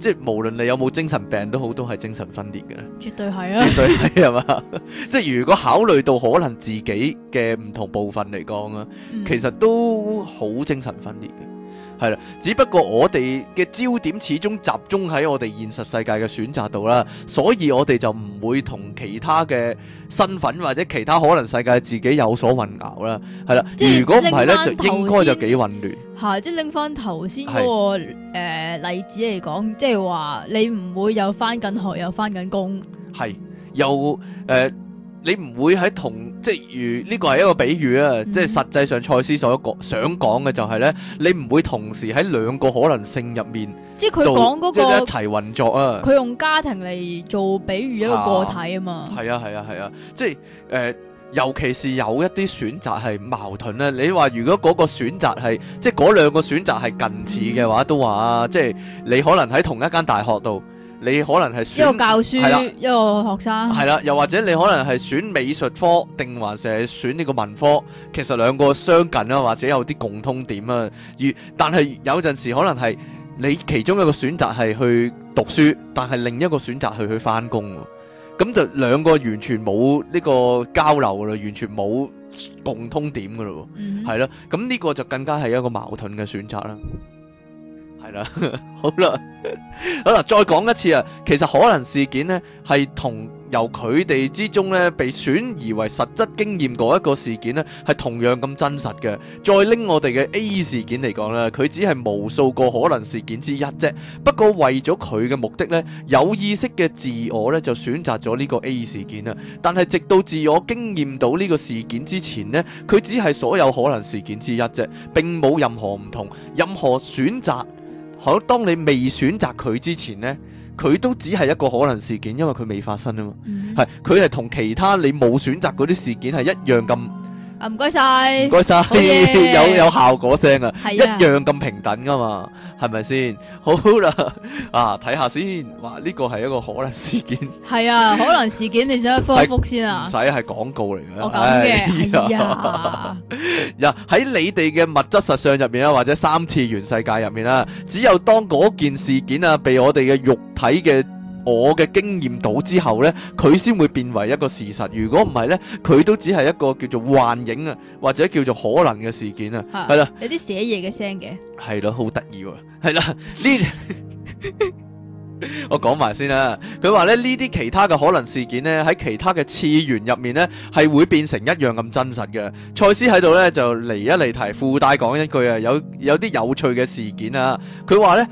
即係無論你有冇精神病都好，都係精神分裂嘅。絕對係啊！絕對係係嘛？ *laughs* 即係如果考慮到可能自己嘅唔同部分嚟講啊，嗯、其實都好精神分裂嘅。係啦，只不過我哋嘅焦點始終集中喺我哋現實世界嘅選擇度啦，所以我哋就唔會同其他嘅身份或者其他可能世界自己有所混淆啦。係啦，是如果唔係呢，就應該就幾混亂。係，即係拎翻頭先嗰個誒例子嚟講，即係話你唔會又翻緊學又翻緊工。係，又誒。你唔會喺同即係如呢個係一個比喻啊！嗯、即係實際上賽斯所講想講嘅就係呢：你唔會同時喺兩個可能性入面。即係佢講嗰、嗰個一齊運作啊！佢用家庭嚟做比喻一個個體啊嘛。係啊係啊係啊！即係誒，尤其是有一啲選擇係矛盾咧、啊。你話如果嗰個選擇係即係嗰兩個選擇係近似嘅話，嗯、都話即係你可能喺同一間大學度。你可能係選一個教書，一個學生。係啦，又或者你可能係選美術科，定還係選呢個文科，其實兩個相近啊，或者有啲共通點啊。而但係有陣時可能係你其中一個選擇係去讀書，但係另一個選擇係去翻工喎。咁就兩個完全冇呢個交流咯，完全冇共通點噶咯喎。嗯。係咯，咁呢個就更加係一個矛盾嘅選擇啦。好啦， *laughs* 好啦，再講一次啊。其實可能事件呢，係同由佢哋之中呢，被選而為實質經驗嗰一個事件呢，係同樣咁真實嘅。再拎我哋嘅 A 事件嚟講呢，佢只係無數個可能事件之一啫。不過為咗佢嘅目的呢，有意識嘅自我呢，就選擇咗呢個 A 事件啦。但係直到自我經驗到呢個事件之前呢，佢只係所有可能事件之一啫，並冇任何唔同，任何選擇。好，當你未選擇佢之前呢，佢都只係一個可能事件，因為佢未發生啊嘛。係、mm，佢係同其他你冇選擇嗰啲事件係一樣咁。唔該晒，唔該晒，有有效果聲啊，一樣咁平等噶嘛，係咪先？好啦，啊，睇下先，哇，呢個係一個可能事件，係啊，可能事件，你想覆一覆先啊？唔使，係廣告嚟嘅，我咁嘅，係啊。嗱，喺你哋嘅物質實相入面啊，或者三次元世界入面啦，只有當嗰件事件啊被我哋嘅肉體嘅。我嘅經驗到之後呢，佢先會變為一個事實。如果唔係呢，佢都只係一個叫做幻影啊，或者叫做可能嘅事件啊。係啦、啊，了有啲寫嘢嘅聲嘅。係咯，好得意喎。係啦， *laughs* 呢，我講埋先啦。佢話咧呢啲其他嘅可能事件呢，喺其他嘅次元入面呢，係會變成一樣咁真實嘅。賽斯喺度呢，就離一離題，附帶講一句啊，有有啲有趣嘅事件啊。佢話呢。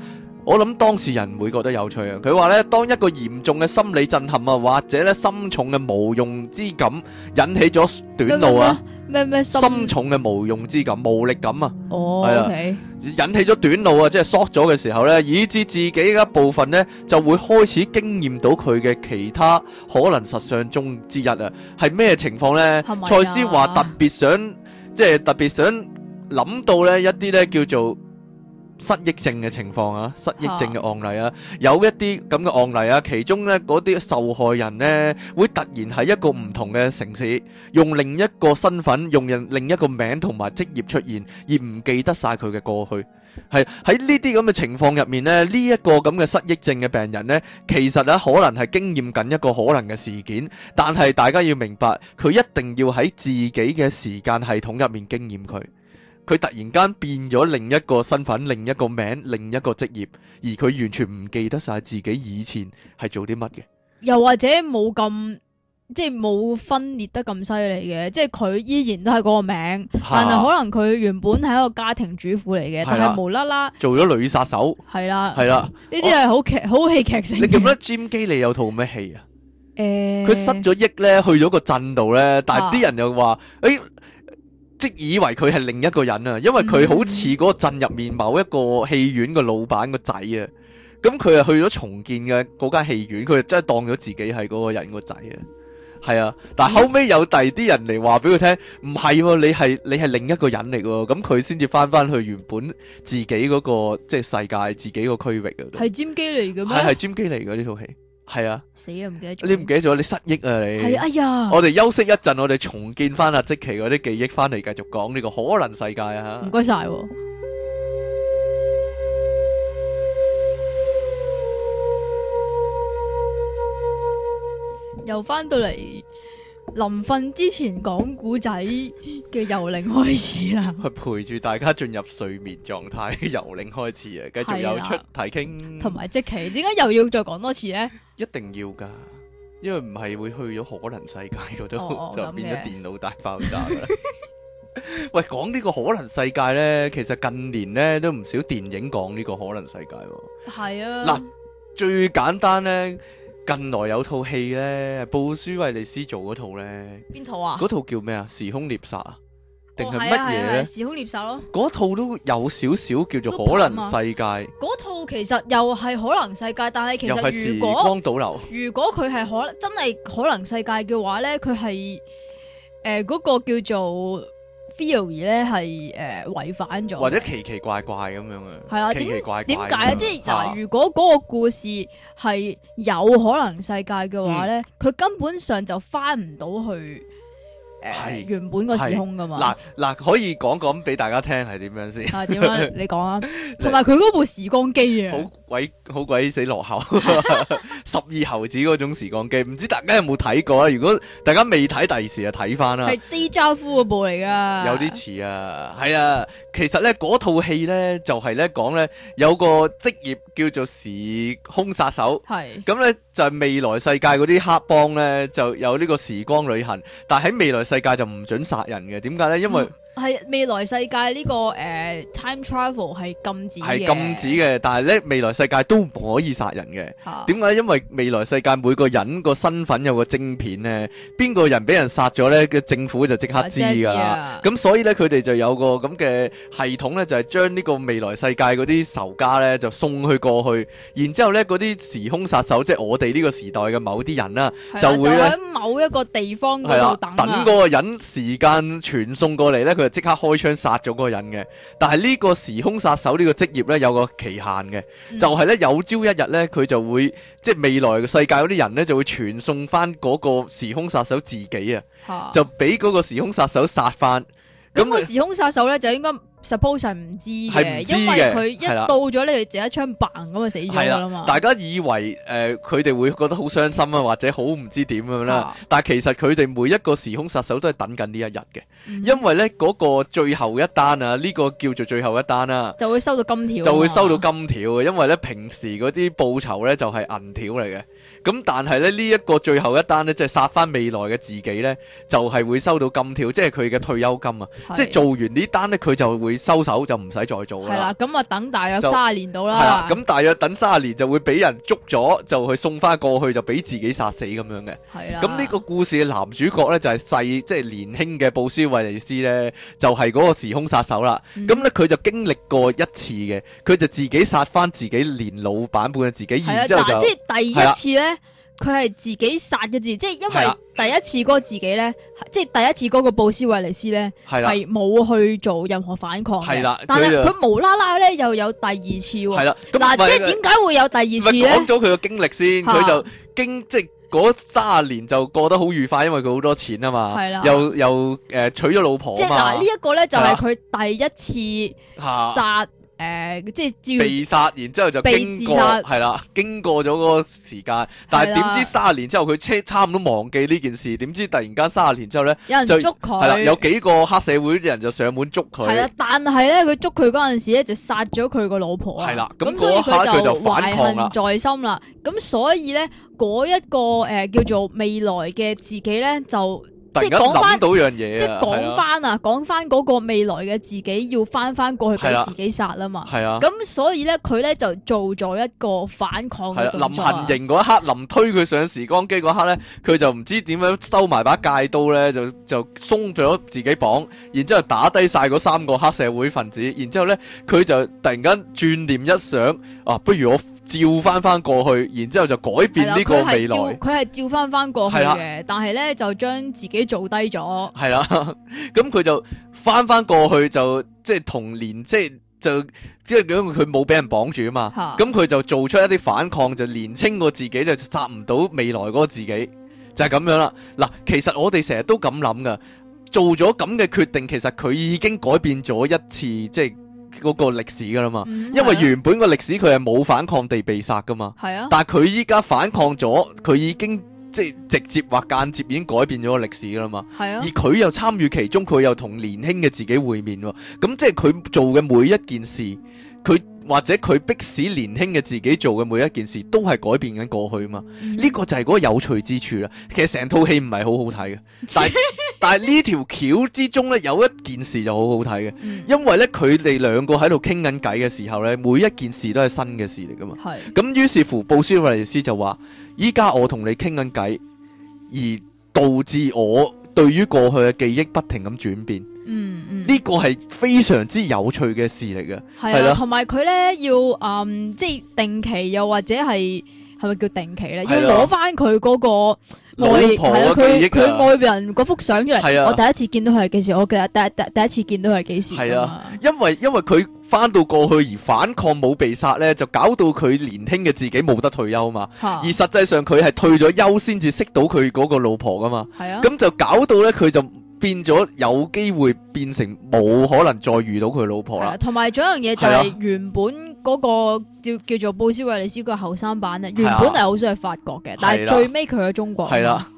我諗當事人會覺得有趣啊！佢話咧，當一個嚴重嘅心理震撼啊，或者咧深重嘅無用之感引起咗短路啊，咩咩深重嘅無用之感，無力感啊，係啊，引起咗短路啊，即係 short 咗嘅時候咧，以致自己嘅一部分咧就會開始經驗到佢嘅其他可能實相中之一啊，係咩情況咧？賽斯華特別想即係特別想諗到咧一啲咧叫做。失憶症嘅情況啊，失憶症嘅案例啊，有一啲咁嘅案例啊，其中咧嗰啲受害人咧，會突然喺一個唔同嘅城市，用另一個身份，用人另一個名同埋職業出現，而唔記得晒佢嘅過去。係喺呢啲咁嘅情況入面咧，呢一個咁嘅失憶症嘅病人咧，其實咧可能係經驗緊一個可能嘅事件，但係大家要明白，佢一定要喺自己嘅時間系統入面經驗佢。佢突然間變咗另一個身份、另一個名、另一個職業，而佢完全唔記得晒自己以前係做啲乜嘅。又或者冇咁即係冇分裂得咁犀利嘅，即係佢依然都係嗰個名，但係可能佢原本係一個家庭主婦嚟嘅，但係無啦啦做咗女殺手。係、欸、啦，係啦，呢啲係好劇好戲劇性嘅。你記唔得占基利有套咩戲啊？誒，佢失咗憶咧，去咗個鎮度咧，但係啲人又話誒。即以為佢係另一個人啊，因為佢好似嗰個鎮入面某一個戲院嘅老闆個仔啊，咁佢啊去咗重建嘅嗰間戲院，佢真係當咗自己係嗰個人個仔啊，係啊，但係後尾有第二啲人嚟話俾佢聽，唔係喎，你係你係另一個人嚟喎，咁佢先至翻翻去原本自己嗰個即係世界自己個區域啊，係尖機嚟嘅咩？係係尖機嚟嘅呢套戲。係啊！死啊！唔記得咗你唔記得咗，你失憶啊！你係啊！哎呀！我哋休息一陣，我哋重建翻阿即奇嗰啲記憶翻嚟，繼續講呢個可能世界啊！唔該晒喎！又翻到嚟臨瞓之前講古仔嘅由零開始啦，係 *laughs* 陪住大家進入睡眠狀態，由零開始啊！繼續有出題傾，同埋即奇，點解又要再講多次咧？一定要噶，因為唔係會去咗可能世界嗰度，就變咗電腦大爆炸啦。喂，講呢個可能世界呢，其實近年呢都唔少電影講呢個可能世界喎。係啊，嗱，最簡單呢，近來有套戲呢，布殊維利斯做嗰套呢，邊套啊？嗰套叫咩啊？時空獵殺啊！定係乜嘢咧？哦啊啊、時空獵手咯、哦，嗰套都有少少叫做可能世界。嗰、啊、套其實又係可能世界，但係其實如果倒流，如果佢係可真係可能世界嘅話咧，佢係誒嗰個叫做 theory 咧係誒違反咗，或者奇奇怪怪咁樣嘅。係啊，奇奇怪怪點解、啊？即係嗱、啊，如果嗰個故事係有可能世界嘅話咧，佢、嗯、根本上就翻唔到去。誒，呃、是原本個時空噶嘛？嗱嗱，可以講講俾大家聽係點樣先？啊，點樣啊？你講啊！同埋佢嗰部時光機啊好，好鬼好鬼死落後，十 *laughs* 二 *laughs* 猴子嗰種時光機，唔知大家有冇睇過啊？如果大家未睇，第二時就睇翻啦。係 Déjà Vu 嗰部嚟噶，有啲似啊，係啊，啊。其實咧，嗰套戲咧就係咧講咧有個職業叫做時空殺手，係咁咧。就係未來世界嗰啲黑幫咧，就有呢個時光旅行，但係喺未來世界就唔准殺人嘅。點解咧？因為，嗯係未來世界呢、這個誒、uh, time travel 係禁止係禁止嘅。但係咧未來世界都唔可以殺人嘅。點解、啊？因為未來世界每個人個身份有個晶片咧，邊個人俾人殺咗咧，嘅政府就即刻知噶。咁、嗯嗯嗯嗯、所以咧，佢哋就有個咁嘅系統咧，就係、是、將呢個未來世界啲仇家咧，就送去過去。然之後咧，啲時空殺手，即係我哋呢個時代嘅某啲人啦、啊，啊、就會喺某一個地方度等、啊啊、等個人時間傳送過嚟咧，佢、嗯。嗯即刻開槍殺咗嗰個人嘅，但係呢個時空殺手呢個職業呢，有個期限嘅，嗯、就係呢：有朝一日呢，佢就會即係未來嘅世界嗰啲人呢，就會傳送翻嗰個時空殺手自己啊，就俾嗰個時空殺手殺翻。咁個時空殺手呢，嗯、就應該。suppose 唔知嘅，因為佢一到咗，你哋就一槍嘭咁就死咗㗎啦嘛。大家以為誒，佢哋會覺得好傷心啊，或者好唔知點咁樣啦。但係其實佢哋每一個時空殺手都係等緊呢一日嘅，因為咧嗰個最後一單啊，呢個叫做最後一單啦，就會收到金條，就會收到金條嘅。因為咧平時嗰啲報酬咧就係銀條嚟嘅，咁但係咧呢一個最後一單咧，即係殺翻未來嘅自己咧，就係會收到金條，即係佢嘅退休金啊。即係做完呢單咧，佢就會。佢收手就唔使再做啦。係啦，咁啊等大約卅年到啦。係啦，咁大約等卅年就會俾人捉咗，就去送翻過去，就俾自己殺死咁樣嘅。係啦，咁呢個故事嘅男主角呢，就係細，即係年輕嘅布斯維尼斯呢，就係嗰個時空殺手啦。咁呢、嗯，佢就經歷過一次嘅，佢就自己殺翻自己年老版本嘅自己，然之後就係呢。佢係自己殺嘅字，即係因為第一次嗰個自己咧，即係第一次嗰個布斯維尼斯咧，係冇的去做任何反抗嘅。係啦的，但係佢無啦啦咧又有第二次喎、哦。係啦，咁嗱、啊，即係點解會有第二次咧？講咗佢嘅經歷先，佢就經即係嗰三十年就過得好愉快，因為佢好多錢啊嘛。係啦的，又又誒、呃、娶咗老婆。即係嗱，啊這個、呢一個咧就係、是、佢第一次殺。誒、呃，即係自被殺，然之後就經過係啦，經過咗嗰個時間，的但係點知三十年之後佢差唔多忘記呢件事，點知突然間三十年之後咧，有人就捉佢係啦，有幾個黑社會啲人就上門捉佢。係啦，但係咧佢捉佢嗰陣時咧就殺咗佢個老婆。係啦，咁所以佢就懷恨在心啦。咁、那個、所以咧嗰一個誒、呃、叫做未來嘅自己咧就。即係講翻到樣嘢，即係講翻啊，講翻嗰個未來嘅自己要翻翻過去俾自己殺啦嘛。係啊，咁所以咧，佢咧就做咗一個反抗嘅動作、啊。臨行刑嗰一刻，臨推佢上時光機嗰刻咧，佢就唔知點樣收埋把戒刀咧，就就鬆咗自己綁，然之後打低晒嗰三個黑社會分子，然之後咧佢就突然間轉念一想，啊，不如我。照翻翻過去，然之後就改變呢的個未來。佢係照翻翻過去嘅，的但係咧就將自己做低咗。係啦是的，咁 *laughs* 佢就翻翻過去就即係、就是、童年，即係就即係佢冇俾人綁住啊嘛。咁佢 *laughs* 就做出一啲反抗，就年青過自己，就殺唔到未來嗰個自己，就係、是、咁樣啦。嗱，其實我哋成日都咁諗噶，做咗咁嘅決定，其實佢已經改變咗一次，即係。嗰個歷史㗎喇嘛，嗯、因為原本個歷史佢係冇反抗地被殺㗎嘛，係啊。但係佢依家反抗咗，佢已經即係直接或間接已經改變咗個歷史㗎喇嘛，係啊。而佢又參與其中，佢又同年輕嘅自己會面喎，咁即係佢做嘅每一件事，佢。或者佢迫使年輕嘅自己做嘅每一件事，都係改變緊過去啊嘛！呢、嗯、個就係嗰個有趣之處啦。其實成套戲唔係好好睇嘅，但係但係呢條橋之中咧，有一件事就好好睇嘅，嗯、因為呢，佢哋兩個喺度傾緊偈嘅時候呢每一件事都係新嘅事嚟噶嘛。係咁於是乎，布斯維尼斯就話：依家我同你傾緊偈，而導致我對於過去嘅記憶不停咁轉變。嗯，呢、嗯、個係非常之有趣嘅事嚟嘅，係啦、啊，同埋佢咧要，嗯、即係定期又或者係係咪叫定期咧？啊、要攞翻佢嗰個老婆、啊。佢佢愛人嗰幅相出嚟。啊、我第一次見到佢係幾時？我記得，第第第一次見到佢係幾時？係啊，因為因為佢翻到過去而反抗冇被殺咧，就搞到佢年輕嘅自己冇得退休嘛。啊、而實際上佢係退咗休先至識到佢嗰個老婆噶嘛。係啊，咁就搞到咧，佢就。變咗有機會變成冇可能再遇到佢老婆啦。同埋仲有一樣嘢就係原本嗰個叫叫做布斯維利斯個後生版咧，原本係好想去法國嘅，但係最尾佢喺中國，係啦。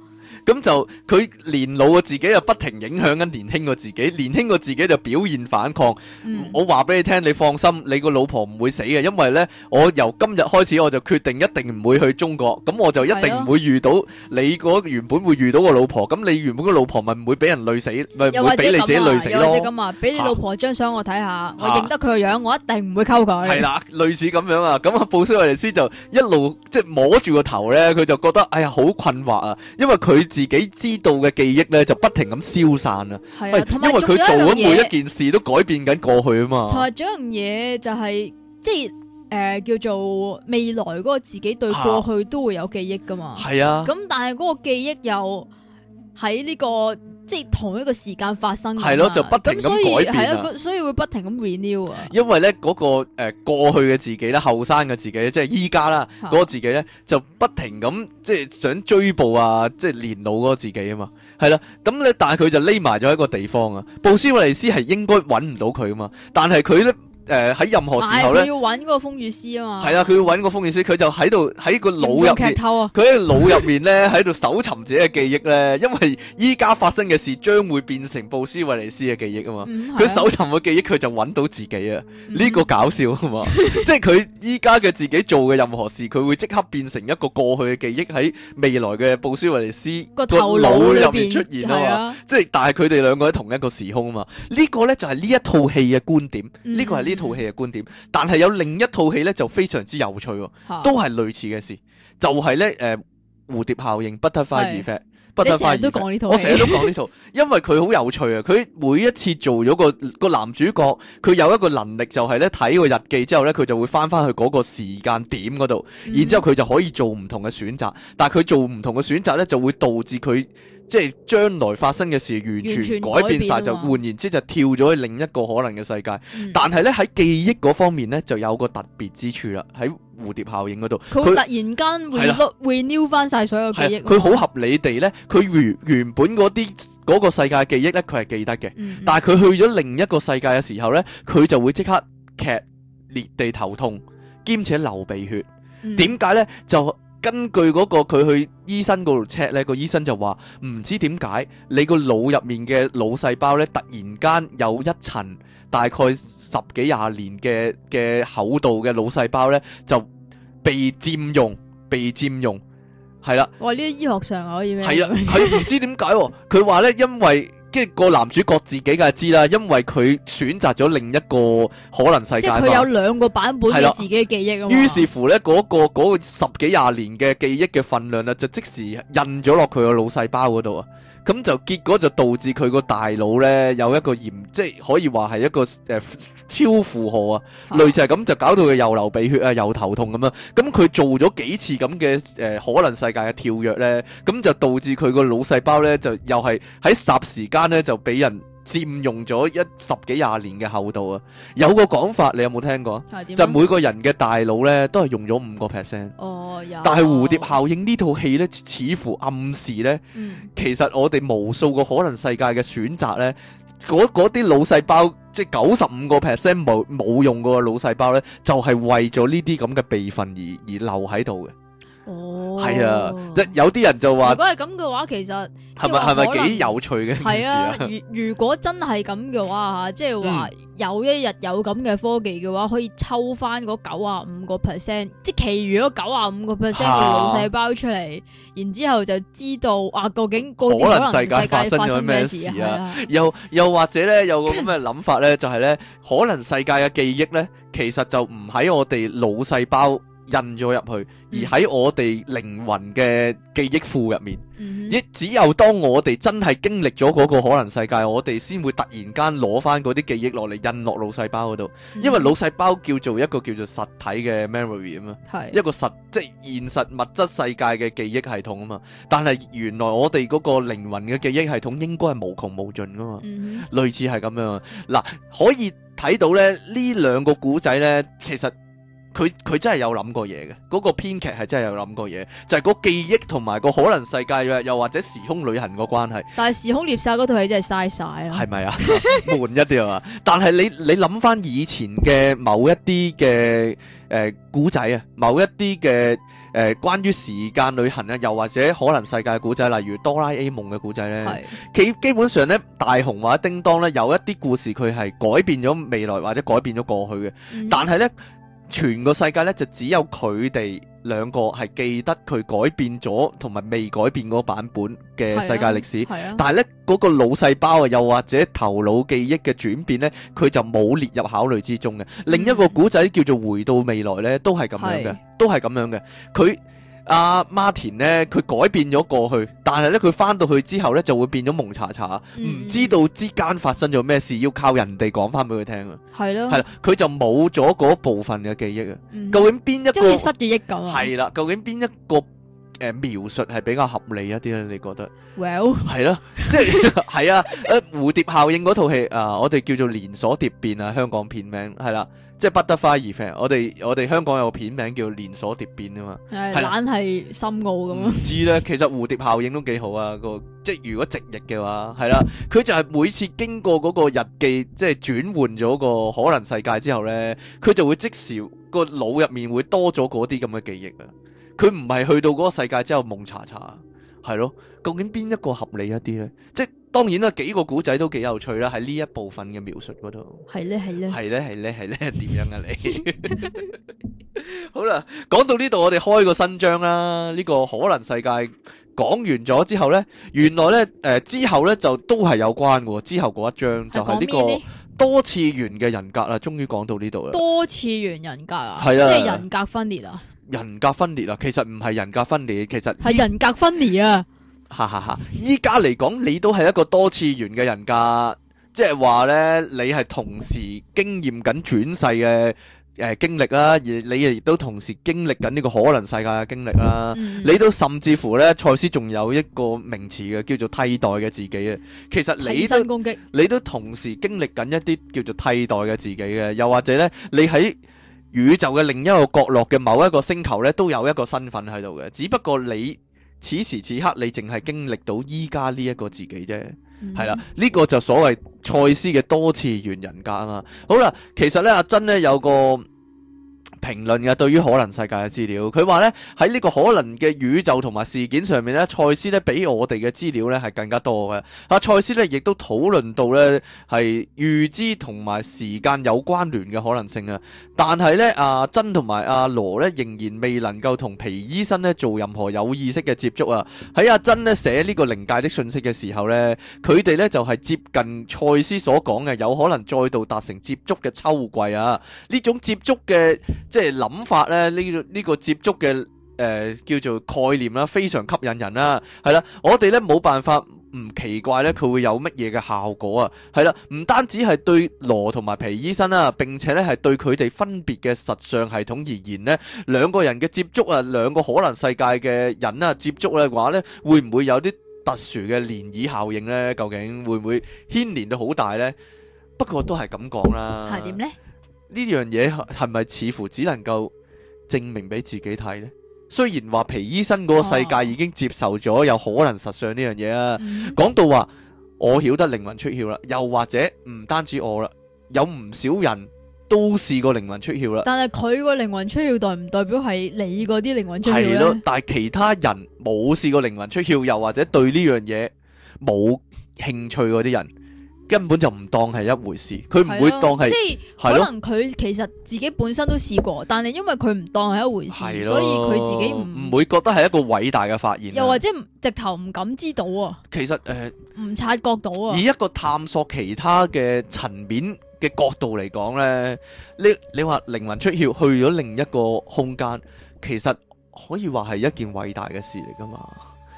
咁就佢年老嘅自己就不停影響緊年輕嘅自己，年輕嘅自己就表現反抗。我話俾你聽，你放心，你個老婆唔會死嘅，因為咧，我由今日開始我就決定一定唔會去中國，咁我就一定唔會遇到你嗰原本會遇到個老婆。咁你原本個老婆咪唔會俾人累死，咪唔會俾你自己累死咯。又或者咁啊，俾你老婆張相我睇下，我認得佢個樣，我一定唔會溝佢。係啦，類似咁樣啊，咁啊，布斯維斯就一路即係摸住個頭咧，佢就覺得哎呀好困惑啊，因為佢。自己知道嘅記憶咧，就不停咁消散啦。係啊，因為佢做緊每一件事，一件事都改變緊過去啊嘛。同埋仲有一樣嘢、就係，就係即係誒叫做未來嗰個自己對過去都會有記憶噶嘛。係啊。咁但係嗰個記憶又喺呢、呢個。即係同一個時間發生嘅、啊，係咯，就不停咁改變啊所。所以會不停咁 renew 啊。因為咧嗰、那個誒、呃、過去嘅自己咧，後生嘅自己，即係依家啦嗰個自己咧，啊、就不停咁即係想追捕啊，即係年老嗰個自己啊嘛。係啦，咁咧但係佢就匿埋咗喺一個地方啊。布斯維尼斯係應該揾唔到佢啊嘛，但係佢咧。誒，喺、呃、任何時候咧，佢要揾嗰個風雨師啊嘛。係啊，佢要揾個風雨師，佢就喺度喺個腦入面，佢喺腦入面咧喺度搜尋自己嘅記憶咧。因為依家發生嘅事將會變成布斯維尼斯嘅記憶啊嘛。佢、嗯啊、搜尋嘅記憶，佢就揾到自己啊。呢、嗯、個搞笑啊嘛， *laughs* 即係佢依家嘅自己做嘅任何事，佢會即刻變成一個過去嘅記憶喺未來嘅布斯維尼斯個腦入面出現啊嘛。即係、嗯啊、但係佢哋兩個喺同一個時空啊嘛。這個、呢個咧就係、是、呢一套戲嘅觀點，呢個係呢。呢套戲嘅觀點，但係有另一套戲呢，就非常之有趣，都係類似嘅事，就係、是、呢誒、呃、蝴蝶效應，Butterfly Effect，我成日都講呢套， *laughs* 因為佢好有趣啊！佢每一次做咗個個男主角，佢有一個能力就係呢，睇個日記之後呢，佢就會翻翻去嗰個時間點嗰度，然之後佢就可以做唔同嘅選擇，但係佢做唔同嘅選擇呢，就會導致佢。即係將來發生嘅事，完全改變晒，變就換言之就跳咗去另一個可能嘅世界。嗯、但係咧喺記憶嗰方面咧，就有個特別之處啦，喺蝴蝶效應嗰度。佢它突然間會會 new 翻曬的所有記憶。佢好合理地咧，佢原原本嗰啲嗰個世界記憶咧，佢係記得嘅。嗯、但係佢去咗另一個世界嘅時候咧，佢就會即刻劇烈地頭痛，兼且，且流鼻血。點解咧就？根據嗰個佢去醫生嗰度 check 咧，個醫生就話唔知點解你個腦入面嘅腦細胞咧，突然間有一層大概十幾廿年嘅嘅厚度嘅腦細胞咧，就被佔用，被佔用，係啦。哇！呢啲醫學上可以咩？係啊，佢唔知點解喎，佢話咧因為。即係個男主角自己梗係知啦，因為佢選擇咗另一個可能世界。佢有兩個版本自己嘅記憶啊。是的於是乎呢嗰，嗯那個嗰，嗰個，十幾廿年嘅記憶嘅份量咧，就即時印咗落佢個腦細胞嗰度啊。咁就結果就導致佢個大腦呢有一個嚴，即係可以話係一個誒、呃、超負荷啊，類似係咁就搞到佢又流鼻血啊，又頭痛咁啊。咁佢做咗幾次咁嘅誒可能世界嘅跳躍呢，咁就導致佢個腦細胞呢，就又係喺霎時間呢就俾人佔用咗一十幾廿年嘅厚度啊！有個講法，你有冇聽過？啊、就每個人嘅大腦呢，都係用咗五個 percent。哦，有。但係蝴蝶效應呢套戲呢，似乎暗示呢，嗯、其實我哋無數個可能世界嘅選擇呢，嗰啲腦細胞，即係九十五個 percent 冇冇用過嘅個腦細胞呢，就係、是、為咗呢啲咁嘅備份而而留喺度嘅。哦，係啊，即有有啲人就話，如果係咁嘅話，其實係咪係咪幾有趣嘅，啊？係啊，如如果真係咁嘅話吓，即係話有一日有咁嘅科技嘅話，可以抽翻嗰九十五個 percent，即係其餘嗰九十五個 percent 嘅腦細胞出嚟，啊、然之後就知道啊，究竟個啲可能，可能世界發生咩事啊？又又或者咧，有個咁嘅諗法咧，就係、是、咧，可能世界嘅記憶咧，其實就唔喺我哋腦細胞。印咗入去，而喺我哋靈魂嘅記憶庫入面，亦只有當我哋真係經歷咗嗰個可能世界，我哋先會突然間攞翻嗰啲記憶落嚟印落腦細胞嗰度，因為腦細胞叫做一個叫做實體嘅 memory 啊嘛，係一個實即係現實物質世界嘅記憶系統啊嘛。但係原來我哋嗰個靈魂嘅記憶系統應該係無窮無盡噶嘛，類似係咁樣啊。嗱，可以睇到咧，呢兩個古仔咧，其實。.佢佢真係有諗過嘢嘅，嗰個編劇係真係有諗過嘢，就係嗰記憶同埋個可能世界嘅，又或者時空旅行個關係。但係時空獵殺嗰套戲真係嘥晒啦，係咪啊？ *laughs* 悶一啲啊！但係你你諗翻以前嘅某一啲嘅誒古仔啊，某一啲嘅誒關於時間旅行啊，又或者可能世界古仔，例如哆啦 A 夢嘅古仔咧，基是基本上咧大雄或者叮當咧有一啲故事佢係改變咗未來或者改變咗過去嘅，嗯、哼但係咧。全個世界咧就只有佢哋兩個係記得佢改變咗同埋未改變嗰個版本嘅世界歷史，但係咧嗰個腦細胞啊，又或者頭腦記憶嘅轉變咧，佢就冇列入考慮之中嘅。另一個故仔叫做回到未來咧，都係咁樣嘅，都係咁樣嘅，佢。阿、啊、Martin 咧，佢改變咗過去，但係咧佢翻到去之後咧，就會變咗蒙查查，唔、嗯、知道之間發生咗咩事，要靠人哋講翻俾佢聽啊。係咯，係啦，佢就冇咗嗰部分嘅記憶啊。究竟邊一個？即好似失記憶咁啊。係啦，究竟邊一個？誒、呃、描述係比較合理一啲咧，你覺得？Well，係咯，即係係啊！誒、即係 *laughs* 啊、蝴蝶效應嗰套戲啊，我哋叫做連鎖蝶變啊，香港片名係啦，即係 Butterfly Effect。我哋我哋香港有個片名叫連鎖蝶變啊嘛，係、啊啊、懶係深奧咁。唔知咧，其實蝴蝶效應都幾好啊，嗰個即係、即係、如果直譯嘅話係啦，佢、啊、就係每次經過嗰個日記，即、就、係、是、轉換咗個可能世界之後咧，佢就會即時、嗰個腦入面會多咗嗰啲咁嘅記憶啊。佢唔係去到嗰個世界之後蒙查查係咯。究竟邊一個合理一啲呢？即係當然啦，幾個古仔都幾有趣啦，喺呢一部分嘅描述嗰度。係呢？係呢？係呢？係呢？係呢？點樣啊你？ *laughs* *laughs* 好啦，講到呢度，我哋開個新章啦。呢、這個可能世界講完咗之後呢，原來呢，誒、呃、之後呢，就都係有關嘅。之後嗰一章就係呢個多次元嘅人格啦。終於講到呢度啦，多次元人格啊，係啊，即係人格分裂啊。人格分裂啊，其實唔係人格分裂，其實係人格分裂啊！哈哈哈！依家嚟講，你都係一個多次元嘅人格，即係話呢，你係同時經驗緊轉世嘅誒、呃、經歷啦，而你亦都同時經歷緊呢個可能世界嘅經歷啦。嗯、你都甚至乎呢，賽斯仲有一個名詞嘅叫做替代嘅自己啊。其實你都身攻擊，你都同時經歷緊一啲叫做替代嘅自己嘅，又或者呢，你喺宇宙嘅另一個角落嘅某一個星球咧，都有一個身份喺度嘅，只不過你此時此刻你淨係經歷到依家呢一個自己啫，係啦、mm，呢、hmm. 這個就所謂賽斯嘅多次元人格啊嘛。好啦，其實咧阿珍咧有個。評論嘅對於可能世界嘅資料，佢話呢，喺呢個可能嘅宇宙同埋事件上面呢，賽斯呢比我哋嘅資料呢係更加多嘅。阿、啊、賽斯呢亦都討論到呢係預知同埋時間有關聯嘅可能性啊。但係呢，阿、啊、珍同埋阿羅呢仍然未能夠同皮醫生呢做任何有意識嘅接觸啊。喺阿、啊、珍呢寫呢個靈界的訊息嘅時候呢，佢哋呢就係、是、接近賽斯所講嘅有可能再度達成接觸嘅秋季啊。呢種接觸嘅。即係諗法咧，呢個呢個接觸嘅誒叫做概念啦，非常吸引人啦，係啦，我哋咧冇辦法唔奇怪咧，佢會有乜嘢嘅效果啊？係啦，唔單止係對羅同埋皮醫生啦，並且咧係對佢哋分別嘅實相系統而言咧，兩個人嘅接觸啊，兩個可能世界嘅人啊接觸咧嘅話咧，會唔會有啲特殊嘅漣漪效應咧？究竟會唔會牽連到好大咧？不過都係咁講啦。係點咧？呢樣嘢係咪似乎只能夠證明俾自己睇呢？雖然話皮醫生嗰個世界已經接受咗有可能實相呢樣嘢啊，講、嗯、到話我曉得靈魂出竅啦，又或者唔單止我啦，有唔少人都試過靈魂出竅啦。但係佢個靈魂出竅代唔代表係你嗰啲靈魂出竅咧？係咯，但係其他人冇試過靈魂出竅，又或者對呢樣嘢冇興趣嗰啲人。根本就唔當係一回事，佢唔會當係、啊，即係可能佢其實自己本身都試過，但係因為佢唔當係一回事，啊、所以佢自己唔唔會覺得係一個偉大嘅發現，又或者直頭唔敢知道啊。其實誒，唔、呃、察覺到啊。以一個探索其他嘅層面嘅角度嚟講呢，你你話靈魂出竅去咗另一個空間，其實可以話係一件偉大嘅事嚟㗎嘛。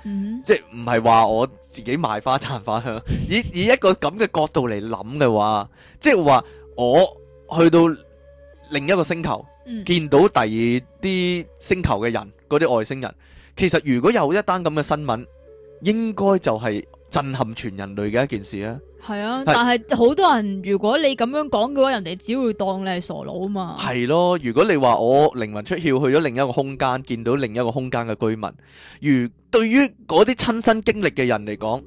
嗯、即係唔係話我自己賣花讚花香，以以一個咁嘅角度嚟諗嘅話，即係話我去到另一個星球，嗯、見到第二啲星球嘅人，嗰啲外星人，其實如果有一單咁嘅新聞，應該就係、是。震撼全人類嘅一件事啊！係啊，但係好多人如果你咁樣講嘅話，人哋只會當你係傻佬啊嘛！係咯，如果你話我靈魂出竅去咗另一個空間，見到另一個空間嘅居民，如對於嗰啲親身經歷嘅人嚟講，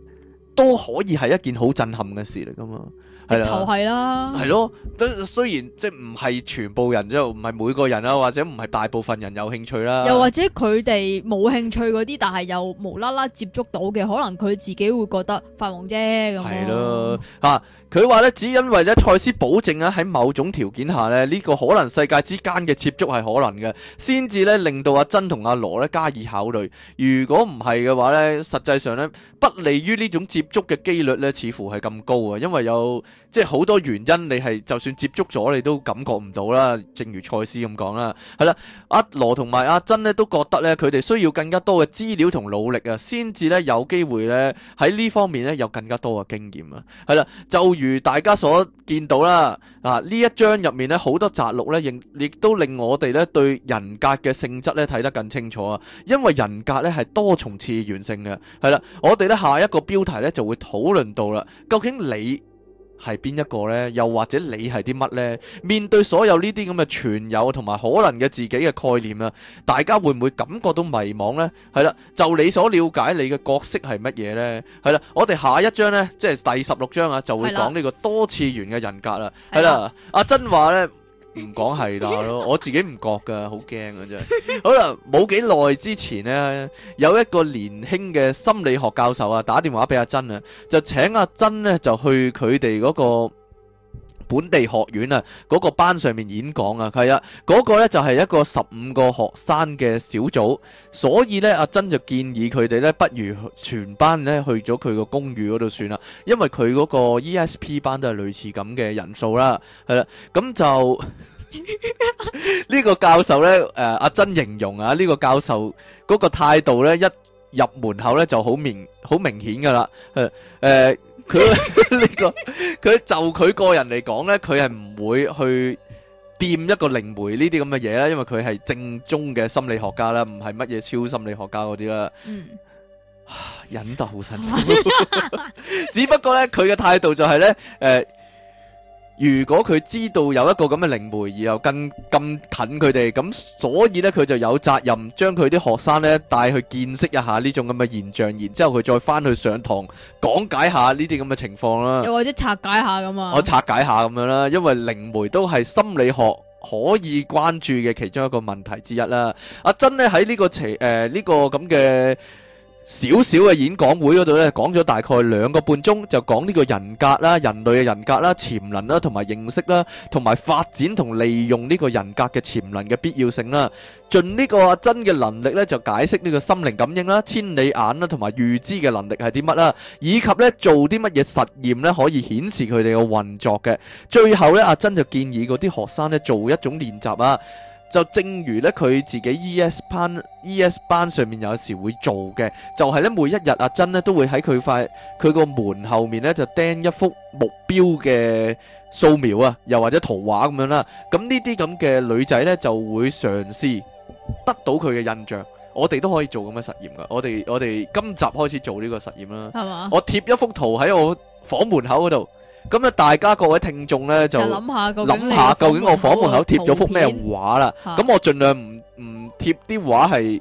都可以係一件好震撼嘅事嚟㗎嘛！直頭係啦，係咯，都雖然即係唔係全部人，即唔係每個人啦，或者唔係大部分人有興趣啦。又或者佢哋冇興趣嗰啲，但係又無啦啦接觸到嘅，可能佢自己會覺得發夢啫。咁係咯，吓佢話咧，只因為咧，賽斯保證咧、啊，喺某種條件下咧，呢、這個可能世界之間嘅接觸係可能嘅，先至咧令到阿珍同阿羅咧加以考慮。如果唔係嘅話咧，實際上咧，不利於呢種接觸嘅幾率咧，似乎係咁高啊，因為有。即係好多原因，你係就算接觸咗，你都感覺唔到啦。正如賽斯咁講啦，係啦，阿羅同埋阿珍咧都覺得咧，佢哋需要更加多嘅資料同努力啊，先至咧有機會咧喺呢方面咧有更加多嘅經驗啊。係啦，就如大家所見到啦，啊呢一章入面咧好多摘錄咧，亦亦都令我哋咧對人格嘅性質咧睇得更清楚啊。因為人格咧係多重次元性嘅，係啦，我哋咧下一個標題咧就會討論到啦。究竟你？係邊一個呢？又或者你係啲乜呢？面對所有呢啲咁嘅存有同埋可能嘅自己嘅概念啊，大家會唔會感覺到迷茫呢？係啦，就你所了解你嘅角色係乜嘢呢？係啦，我哋下一章呢，即係第十六章啊，就會講呢個多次元嘅人格啦。係啦的，阿珍話呢。 *laughs* 唔講係啦，我自己唔覺㗎，好驚㗎真。好啦，冇幾耐之前呢，有一個年輕嘅心理學教授啊，打電話俾阿珍啊，就請阿珍呢，就去佢哋嗰個。本地學院啊，嗰個班上面演講啊，係啦，嗰個咧就係一個十五個學生嘅小組，所以咧阿珍就建議佢哋咧，不如全班咧去咗佢個公寓嗰度算啦，因為佢嗰個 ESP 班都係類似咁嘅人數啦，係啦，咁就呢個教授咧，誒阿珍形容啊，呢個教授嗰個態度咧，一入門口咧就好明好明顯噶啦，誒。佢呢個佢就佢個人嚟講呢，佢係唔會去掂一個靈媒呢啲咁嘅嘢咧，因為佢係正宗嘅心理學家啦，唔係乜嘢超心理學家嗰啲啦。嗯，忍得好辛苦， *laughs* *laughs* 只不過呢，佢嘅態度就係、是、呢。誒、呃。如果佢知道有一個咁嘅靈媒，而又更咁近佢哋，咁所以呢，佢就有責任將佢啲學生呢帶去見識一下呢種咁嘅現象，然之後佢再翻去上堂講解下呢啲咁嘅情況啦，又或者拆解下咁啊，我拆解下咁樣啦，因為靈媒都係心理學可以關注嘅其中一個問題之一啦。阿珍呢喺呢個前誒呢個咁嘅。少少嘅演講會嗰度咧，講咗大概兩個半鐘，就講呢個人格啦、人類嘅人格啦、潛能啦，同埋認識啦，同埋發展同利用呢個人格嘅潛能嘅必要性啦。盡呢個阿珍嘅能力咧，就解釋呢個心靈感應啦、千里眼啦，同埋預知嘅能力係啲乜啦，以及咧做啲乜嘢實驗咧可以顯示佢哋嘅運作嘅。最後咧，阿珍就建議嗰啲學生咧做一種練習啊。就正如咧，佢自己 E.S 班 E.S 班上面有時會做嘅，就係咧每一日阿珍咧都會喺佢塊佢個門後面咧就釘一幅目標嘅素描啊，又或者圖畫咁樣啦。咁呢啲咁嘅女仔咧就會嘗試得到佢嘅印象。我哋都可以做咁嘅實驗噶。我哋我哋今集開始做呢個實驗啦。係嘛？我貼一幅圖喺我房門口嗰度。咁咧，大家各位聽眾咧就諗下，究竟我房門口貼咗幅咩畫啦？咁我盡量唔唔貼啲畫係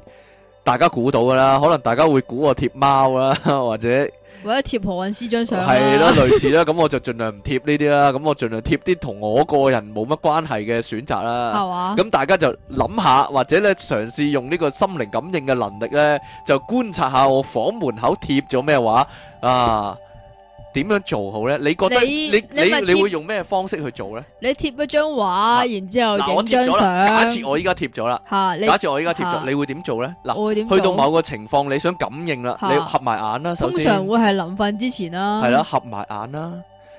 大家估到噶啦，可能大家會估我貼貓啦，或者或者貼何韻詩張相係咯，類似啦。咁我就盡量唔貼呢啲啦。咁我盡量貼啲同我個人冇乜關係嘅選擇啦。係嘛？咁大家就諗下，或者咧嘗試用呢個心靈感應嘅能力咧，就觀察下我房門口貼咗咩畫啊！點樣做好咧？你覺得你你你會用咩方式去做咧？你貼一張畫，然之後影張相。假設我依家貼咗啦。吓，假設我依家貼咗，你會點做咧？嗱，我會點？去到某個情況，你想感應啦，你合埋眼啦。首先，通常會係臨瞓之前啦。係啦，合埋眼啦，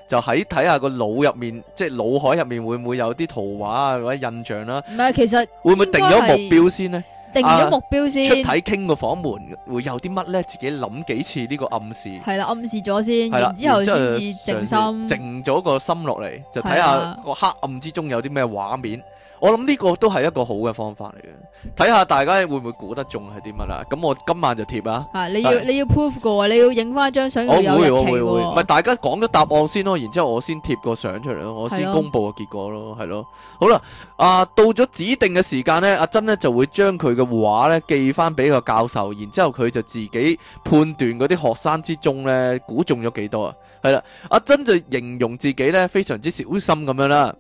就喺睇下個腦入面，即係腦海入面會唔會有啲圖畫啊，或者印象啦？唔係，其實會唔會定咗目標先咧？定咗目標先，啊，出體傾個房門會有啲乜咧？自己諗幾次呢個暗示，係啦，暗示咗先，然之後先了後至靜心，靜咗個心落嚟，就睇下個黑暗之中有啲咩畫面。我諗呢個都係一個好嘅方法嚟嘅，睇下大家會唔會估得中係啲乜啦？咁我今晚就貼啊，啊！你要是你要 prove 個，你要影翻一張相有冇題嘅？唔係，大家講咗答案先咯，然之後我先貼個相出嚟咯，我先公布個結果咯，係、啊、咯。好啦，啊，到咗指定嘅時間呢，阿珍呢就會將佢嘅畫呢寄翻俾個教授，然之後佢就自己判斷嗰啲學生之中呢估中咗幾多啊？係啦、啊，阿珍就形容自己呢非常之小心咁樣啦。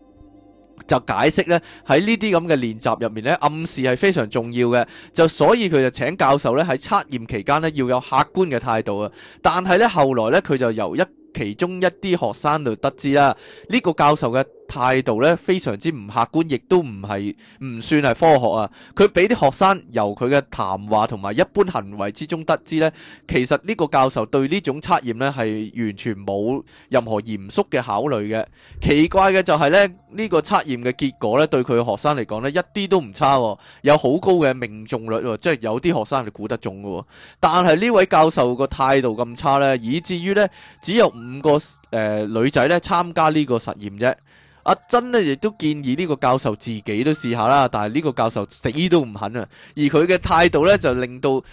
就解釋咧喺呢啲咁嘅練習入面咧，暗示係非常重要嘅。就所以佢就請教授咧喺測驗期間咧要有客觀嘅態度啊。但係咧後來咧佢就由一其中一啲學生就得知啦，呢個教授嘅，態度咧非常之唔客觀，亦都唔係唔算係科學啊！佢俾啲學生由佢嘅談話同埋一般行為之中得知咧，其實呢個教授對呢種測驗咧係完全冇任何嚴肅嘅考慮嘅。奇怪嘅就係咧，呢、呢個測驗嘅結果咧對佢嘅學生嚟講咧一啲都唔差、喎，有好高嘅命中率喎、喎，即係有啲學生係估得中嘅、喎。但係呢位教授個態度咁差咧，以至於咧只有五個誒、呃、女仔咧參加呢個實驗啫。阿珍咧亦都建議呢個教授自己都試下啦，但係呢個教授死都唔肯啊！而佢嘅態度咧就令到誒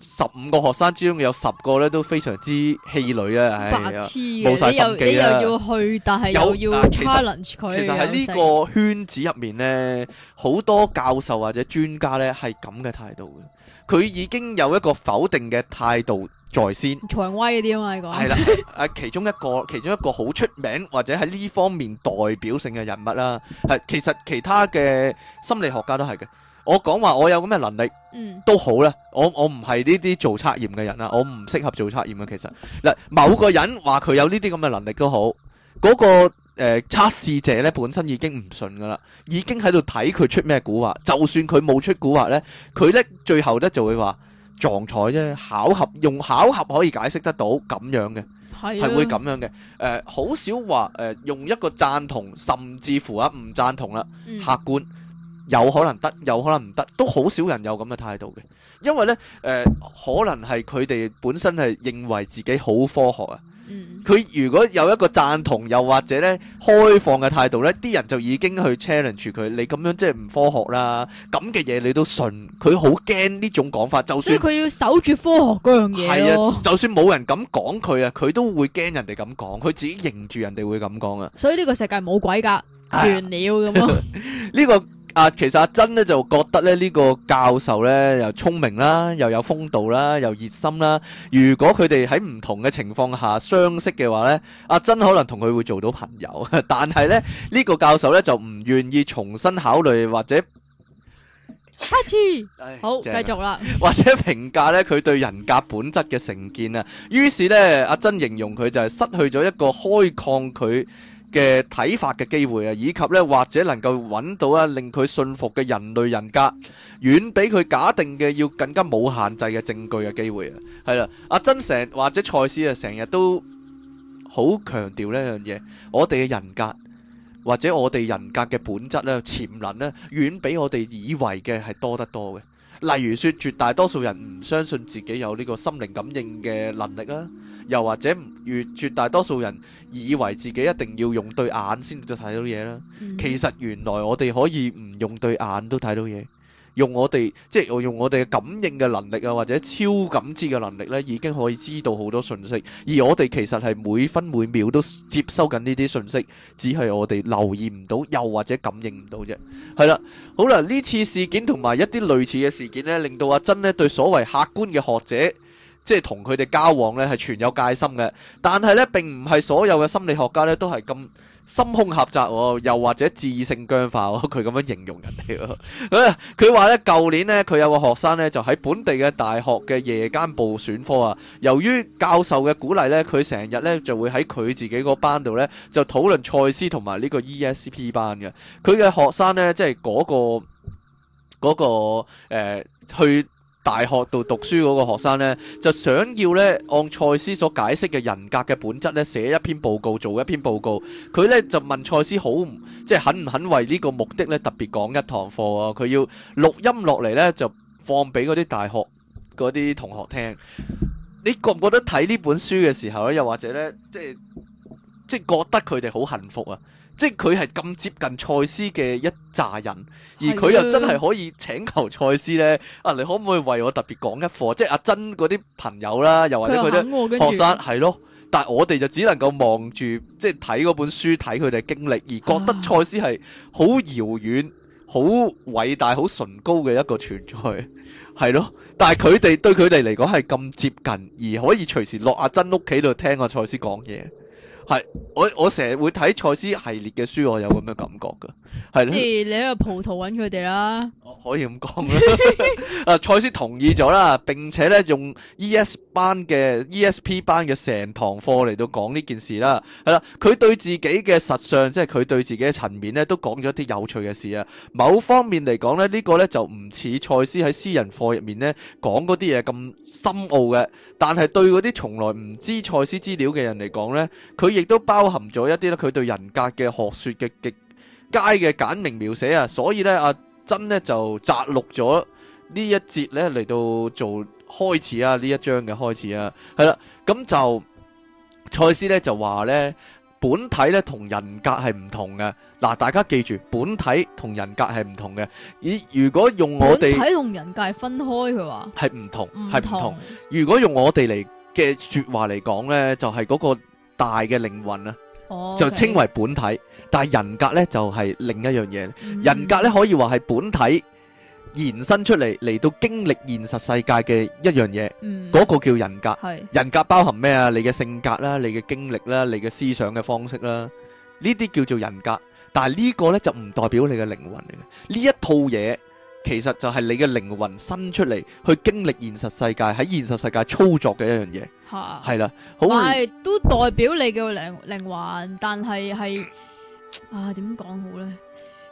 十五個學生之中有十個咧都非常之氣餒啊！哎、白痴嘅，你又你又要去，但係又要 challenge 佢。其實喺呢個圈子入面咧，好多教授或者專家咧係咁嘅態度嘅。佢已經有一個否定嘅態度在先，長威嗰啲啊嘛，你講係啦，誒其中一個，其中一個好出名或者喺呢方面代表性嘅人物啦，係其實其他嘅心理學家都係嘅。我講話我有咁嘅能力，嗯，都好啦。我我唔係呢啲做測驗嘅人啊，我唔適合做測驗嘅。其實嗱，某個人話佢有呢啲咁嘅能力都好，嗰個。誒，測試、呃、者咧本身已經唔信噶啦，已經喺度睇佢出咩蠱惑。就算佢冇出蠱惑呢，佢呢最後呢就會話撞彩啫。巧合，用巧合可以解釋得到咁樣嘅，係是、啊、會咁樣嘅。誒、呃，好少話誒、呃，用一個贊同，甚至乎啊唔贊同啦。客觀、嗯、有可能得，有可能唔得，都好少人有咁嘅態度嘅。因為呢，誒、呃，可能係佢哋本身係認為自己好科學啊。佢、嗯、如果有一個贊同又或者咧開放嘅態度咧，啲人就已經去 challenge 佢。你咁樣即係唔科學啦，咁嘅嘢你都信，佢好驚呢種講法。就算佢要守住科學嗰樣嘢。係啊，就算冇人敢講佢啊，佢都會驚人哋咁講，佢自己認住人哋會咁講啊。所以呢個世界冇鬼㗎，斷了咁呢個。啊，其實阿珍呢就覺得呢呢、這個教授呢，又聰明啦，又有風度啦，又熱心啦。如果佢哋喺唔同嘅情況下相識嘅話呢，阿珍可能同佢會做到朋友。但係呢，呢、這個教授呢，就唔願意重新考慮或者開始好繼續啦，或者評價呢佢對人格本質嘅成見啊。於是呢，阿珍形容佢就係失去咗一個開擴佢。嘅睇法嘅機會啊，以及呢，或者能夠揾到啊令佢信服嘅人類人格，遠比佢假定嘅要更加冇限制嘅證據嘅機會啊。係啦，阿珍成或者賽斯啊，成日都好強調呢樣嘢，我哋嘅人格或者我哋人格嘅本質咧潛能咧，遠比我哋以為嘅係多得多嘅。例如說，絕大多數人唔相信自己有呢個心靈感應嘅能力啊。又或者越，絕大多數人以為自己一定要用對眼先至睇到嘢啦，其實原來我哋可以唔用對眼都睇到嘢，用我哋即係我用我哋嘅感應嘅能力啊，或者超感知嘅能力咧，已經可以知道好多信息。而我哋其實係每分每秒都接收緊呢啲信息，只係我哋留意唔到，又或者感應唔到啫。係啦，好啦，呢次事件同埋一啲類似嘅事件咧，令到阿珍咧對所謂客觀嘅學者。即係同佢哋交往呢，係存有戒心嘅。但係呢，並唔係所有嘅心理學家呢，都係咁心胸狹窄、哦，又或者智性僵化、哦。佢咁樣形容人哋。佢 *laughs* 話、嗯、呢，舊年呢，佢有個學生呢，就喺本地嘅大學嘅夜間部選科啊。由於教授嘅鼓勵呢，佢成日呢，就會喺佢自己嗰班度呢，就討論賽斯同埋呢個 ESP 班嘅。佢嘅學生呢，即係嗰、嗰個、嗰個誒、呃、去。大學度讀書嗰個學生呢，就想要呢，按賽斯所解釋嘅人格嘅本質呢，寫一篇報告，做一篇報告。佢呢，就問賽斯：「好，唔？即係肯唔肯為呢個目的呢，特別講一堂課啊？佢要錄音落嚟呢，就放俾嗰啲大學嗰啲同學聽。你覺唔覺得睇呢本書嘅時候呢，又或者呢？即係即係，覺得佢哋好幸福啊？即係佢係咁接近賽斯嘅一紮人，而佢又真係可以請求賽斯呢啊，你可唔可以為我特別講一課？即係阿珍嗰啲朋友啦，又或者佢啲學生係、哦、咯。但係我哋就只能夠望住，即係睇嗰本書，睇佢哋經歷，而覺得賽斯係好遙遠、好偉大、好崇高嘅一個存在，係咯。但係佢哋對佢哋嚟講係咁接近，而可以隨時落阿珍屋企度聽阿賽斯講嘢。係，我我成日會睇賽斯系列嘅書，我有咁嘅感覺噶，係咧。即你喺度葡萄揾佢哋啦，可以咁講啦。啊，賽斯同意咗啦，並且咧用 E S 班嘅 E S P 班嘅成堂課嚟到講呢件事啦，係啦。佢對自己嘅實相，即係佢對自己嘅層面咧，都講咗啲有趣嘅事啊。某方面嚟講咧，呢、這個咧就唔似賽斯喺私人課入面咧講嗰啲嘢咁深奧嘅，但係對嗰啲從來唔知賽斯資料嘅人嚟講咧，佢。亦都包含咗一啲咧，佢對人格嘅學說嘅極佳嘅簡明描寫啊，所以咧、啊，阿珍咧就摘錄咗呢一節咧嚟到做開始啊，呢一章嘅開始啊，係啦，咁就賽斯咧就話咧，本體咧同人格係唔同嘅，嗱，大家記住，本體同人格係唔同嘅，而如果用我哋，本體同人格分開嘅話係唔同，係唔同。如果用我哋嚟嘅說話嚟講咧，就係、是、嗰、嗰個。大嘅靈魂啊，就稱為本體。但係人格呢，就係、是、另一樣嘢。嗯、人格呢，可以話係本體延伸出嚟嚟到經歷現實世界嘅一樣嘢。嗰、嗯、個叫人格。是人格包含咩啊？你嘅性格啦，你嘅經歷啦，你嘅思想嘅方式啦，呢啲叫做人格。但係呢個呢，就唔代表你嘅靈魂嚟嘅。呢一套嘢其實就係你嘅靈魂伸出嚟去經歷現實世界，喺現實世界操作嘅一樣嘢。係啦，好，都代表你嘅靈靈魂，但係係啊，點講好咧？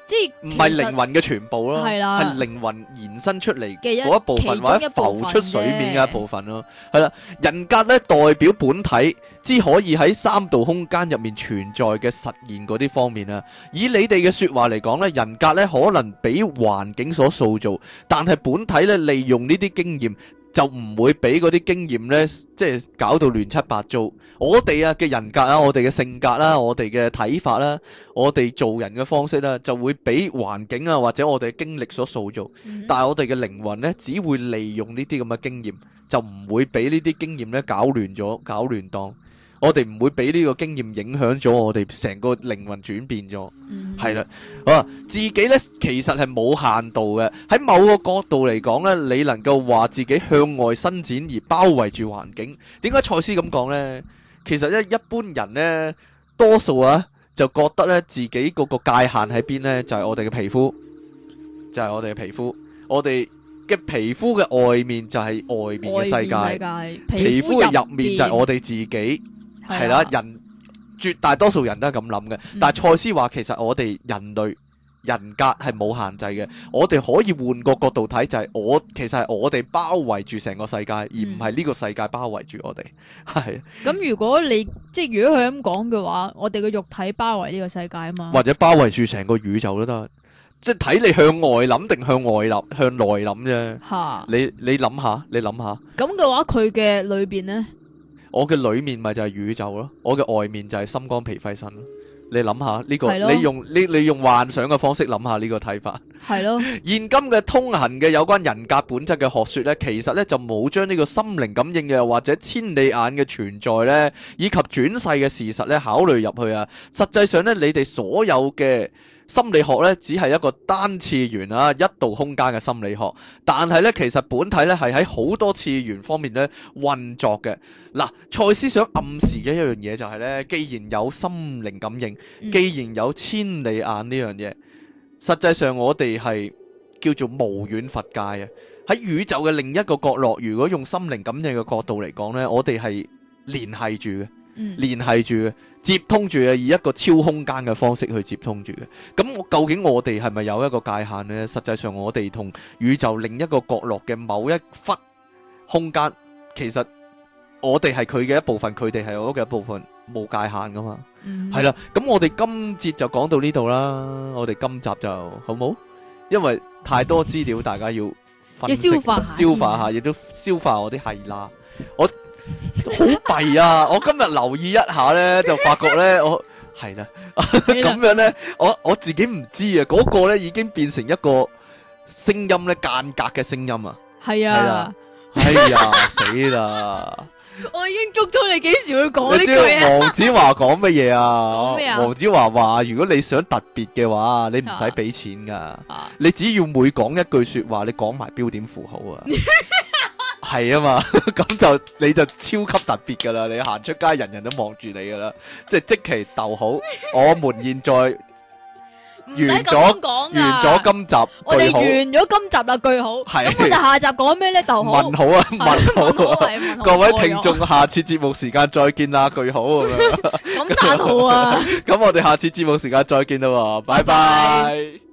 即係唔係靈魂嘅全部咯，係啦，係靈魂延伸出嚟嘅一部分或者浮出水面嘅一部分咯，係啦。人格咧代表本體，只可以喺三度空間入面存在嘅實現嗰啲方面啊。以你哋嘅說話嚟講咧，人格咧可能俾環境所塑造，但係本體咧利用呢啲經驗。就唔會俾嗰啲經驗咧，即係搞到亂七八糟。我哋啊嘅人格啊，我哋嘅性格啦，我哋嘅睇法啦，我哋做人嘅方式啦，就會俾環境啊或者我哋嘅經歷所塑造。但係我哋嘅靈魂咧，只會利用呢啲咁嘅經驗，就唔會俾呢啲經驗咧搞亂咗、搞亂當。我哋唔會俾呢個經驗影響咗我哋成個靈魂轉變咗，係啦、mm，啊、hmm.，自己呢其實係冇限度嘅。喺某個角度嚟講呢，你能夠話自己向外伸展而包圍住環境，點解賽斯咁講呢？其實一一般人呢，多數啊就覺得呢自己嗰個界限喺邊呢？就係、是、我哋嘅皮膚，就係、是、我哋嘅皮膚。我哋嘅皮膚嘅外面就係外面嘅世界，界皮膚嘅入面就係我哋自己。係啦，啊、人、絕大多數人都係咁諗嘅。嗯、但係賽斯話，其實我哋人類人格係冇限制嘅，我哋可以換個角度睇，就係我其實係我哋包圍住成個世界，而唔係呢個世界包圍住我哋。係、嗯。咁、啊、如果你即係如果佢咁講嘅話，我哋嘅肉體包圍呢個世界啊嘛。或者包圍住成個宇宙都得，即係睇你向外諗定向外諗向內諗啫。吓哈。你你諗下，你諗下。咁嘅話，佢嘅裏邊咧？我嘅裏面咪就係宇宙咯，我嘅外面就係心肝脾肺腎。你諗下呢個，的你用你你用幻想嘅方式諗下呢個睇法。係咯的。 *laughs* 現今嘅通行嘅有關人格本質嘅學說呢，其實呢就冇將呢個心靈感應嘅或者千里眼嘅存在呢，以及轉世嘅事實呢考慮入去啊。實際上呢，你哋所有嘅。心理學咧只係一個單次元啊，一度空間嘅心理學，但係咧其實本體咧係喺好多次元方面咧運作嘅。嗱，賽斯想暗示嘅一樣嘢就係咧，既然有心靈感應，既然有千里眼呢樣嘢，實際上我哋係叫做無遠弗屆。啊！喺宇宙嘅另一個角落，如果用心靈感應嘅角度嚟講咧，我哋係聯繫住嘅。連係住接通住嘅，以一個超空間嘅方式去接通住嘅。咁究竟我哋係咪有一個界限呢？實際上我哋同宇宙另一個角落嘅某一忽空間，其實我哋係佢嘅一部分，佢哋係我嘅一部分，冇界限噶嘛。係啦、嗯，咁我哋今節就講到呢度啦。我哋今集就好冇，因為太多資料， *laughs* 大家要消 *laughs* 化消化下，亦都消化我啲係啦。我好弊 *laughs* 啊！我今日留意一下咧，就發覺咧，我係啦咁樣咧，我我自己唔知啊。嗰、嗰個咧已經變成一個聲音咧間隔嘅聲音是啊。係、哎、啊，係啊 *laughs* 了，死啦！我已經捉到你幾時會講呢句啊？你知、 *laughs* 啊、王子華講乜嘢啊？啊？王子華話：如果你想特別嘅話，你唔使俾錢㗎，啊啊、你只要每講一句說話，你講埋標點符號啊。 *laughs* 係啊嘛，咁 *laughs* 就你就超級特別噶啦，你行出街，人人都望住你噶啦，即係即期逗好。 *laughs* 我們現在完咗完咗今集，我哋完咗今集啦，句好。咁是 我哋下集講咩咧？逗、就、好、是、問好啊， *laughs* 問好各位聽眾，下次節目時間再見啦，句好咁樣。咁得好啊！咁我哋下次節目時間再見啦，拜拜。Bye bye.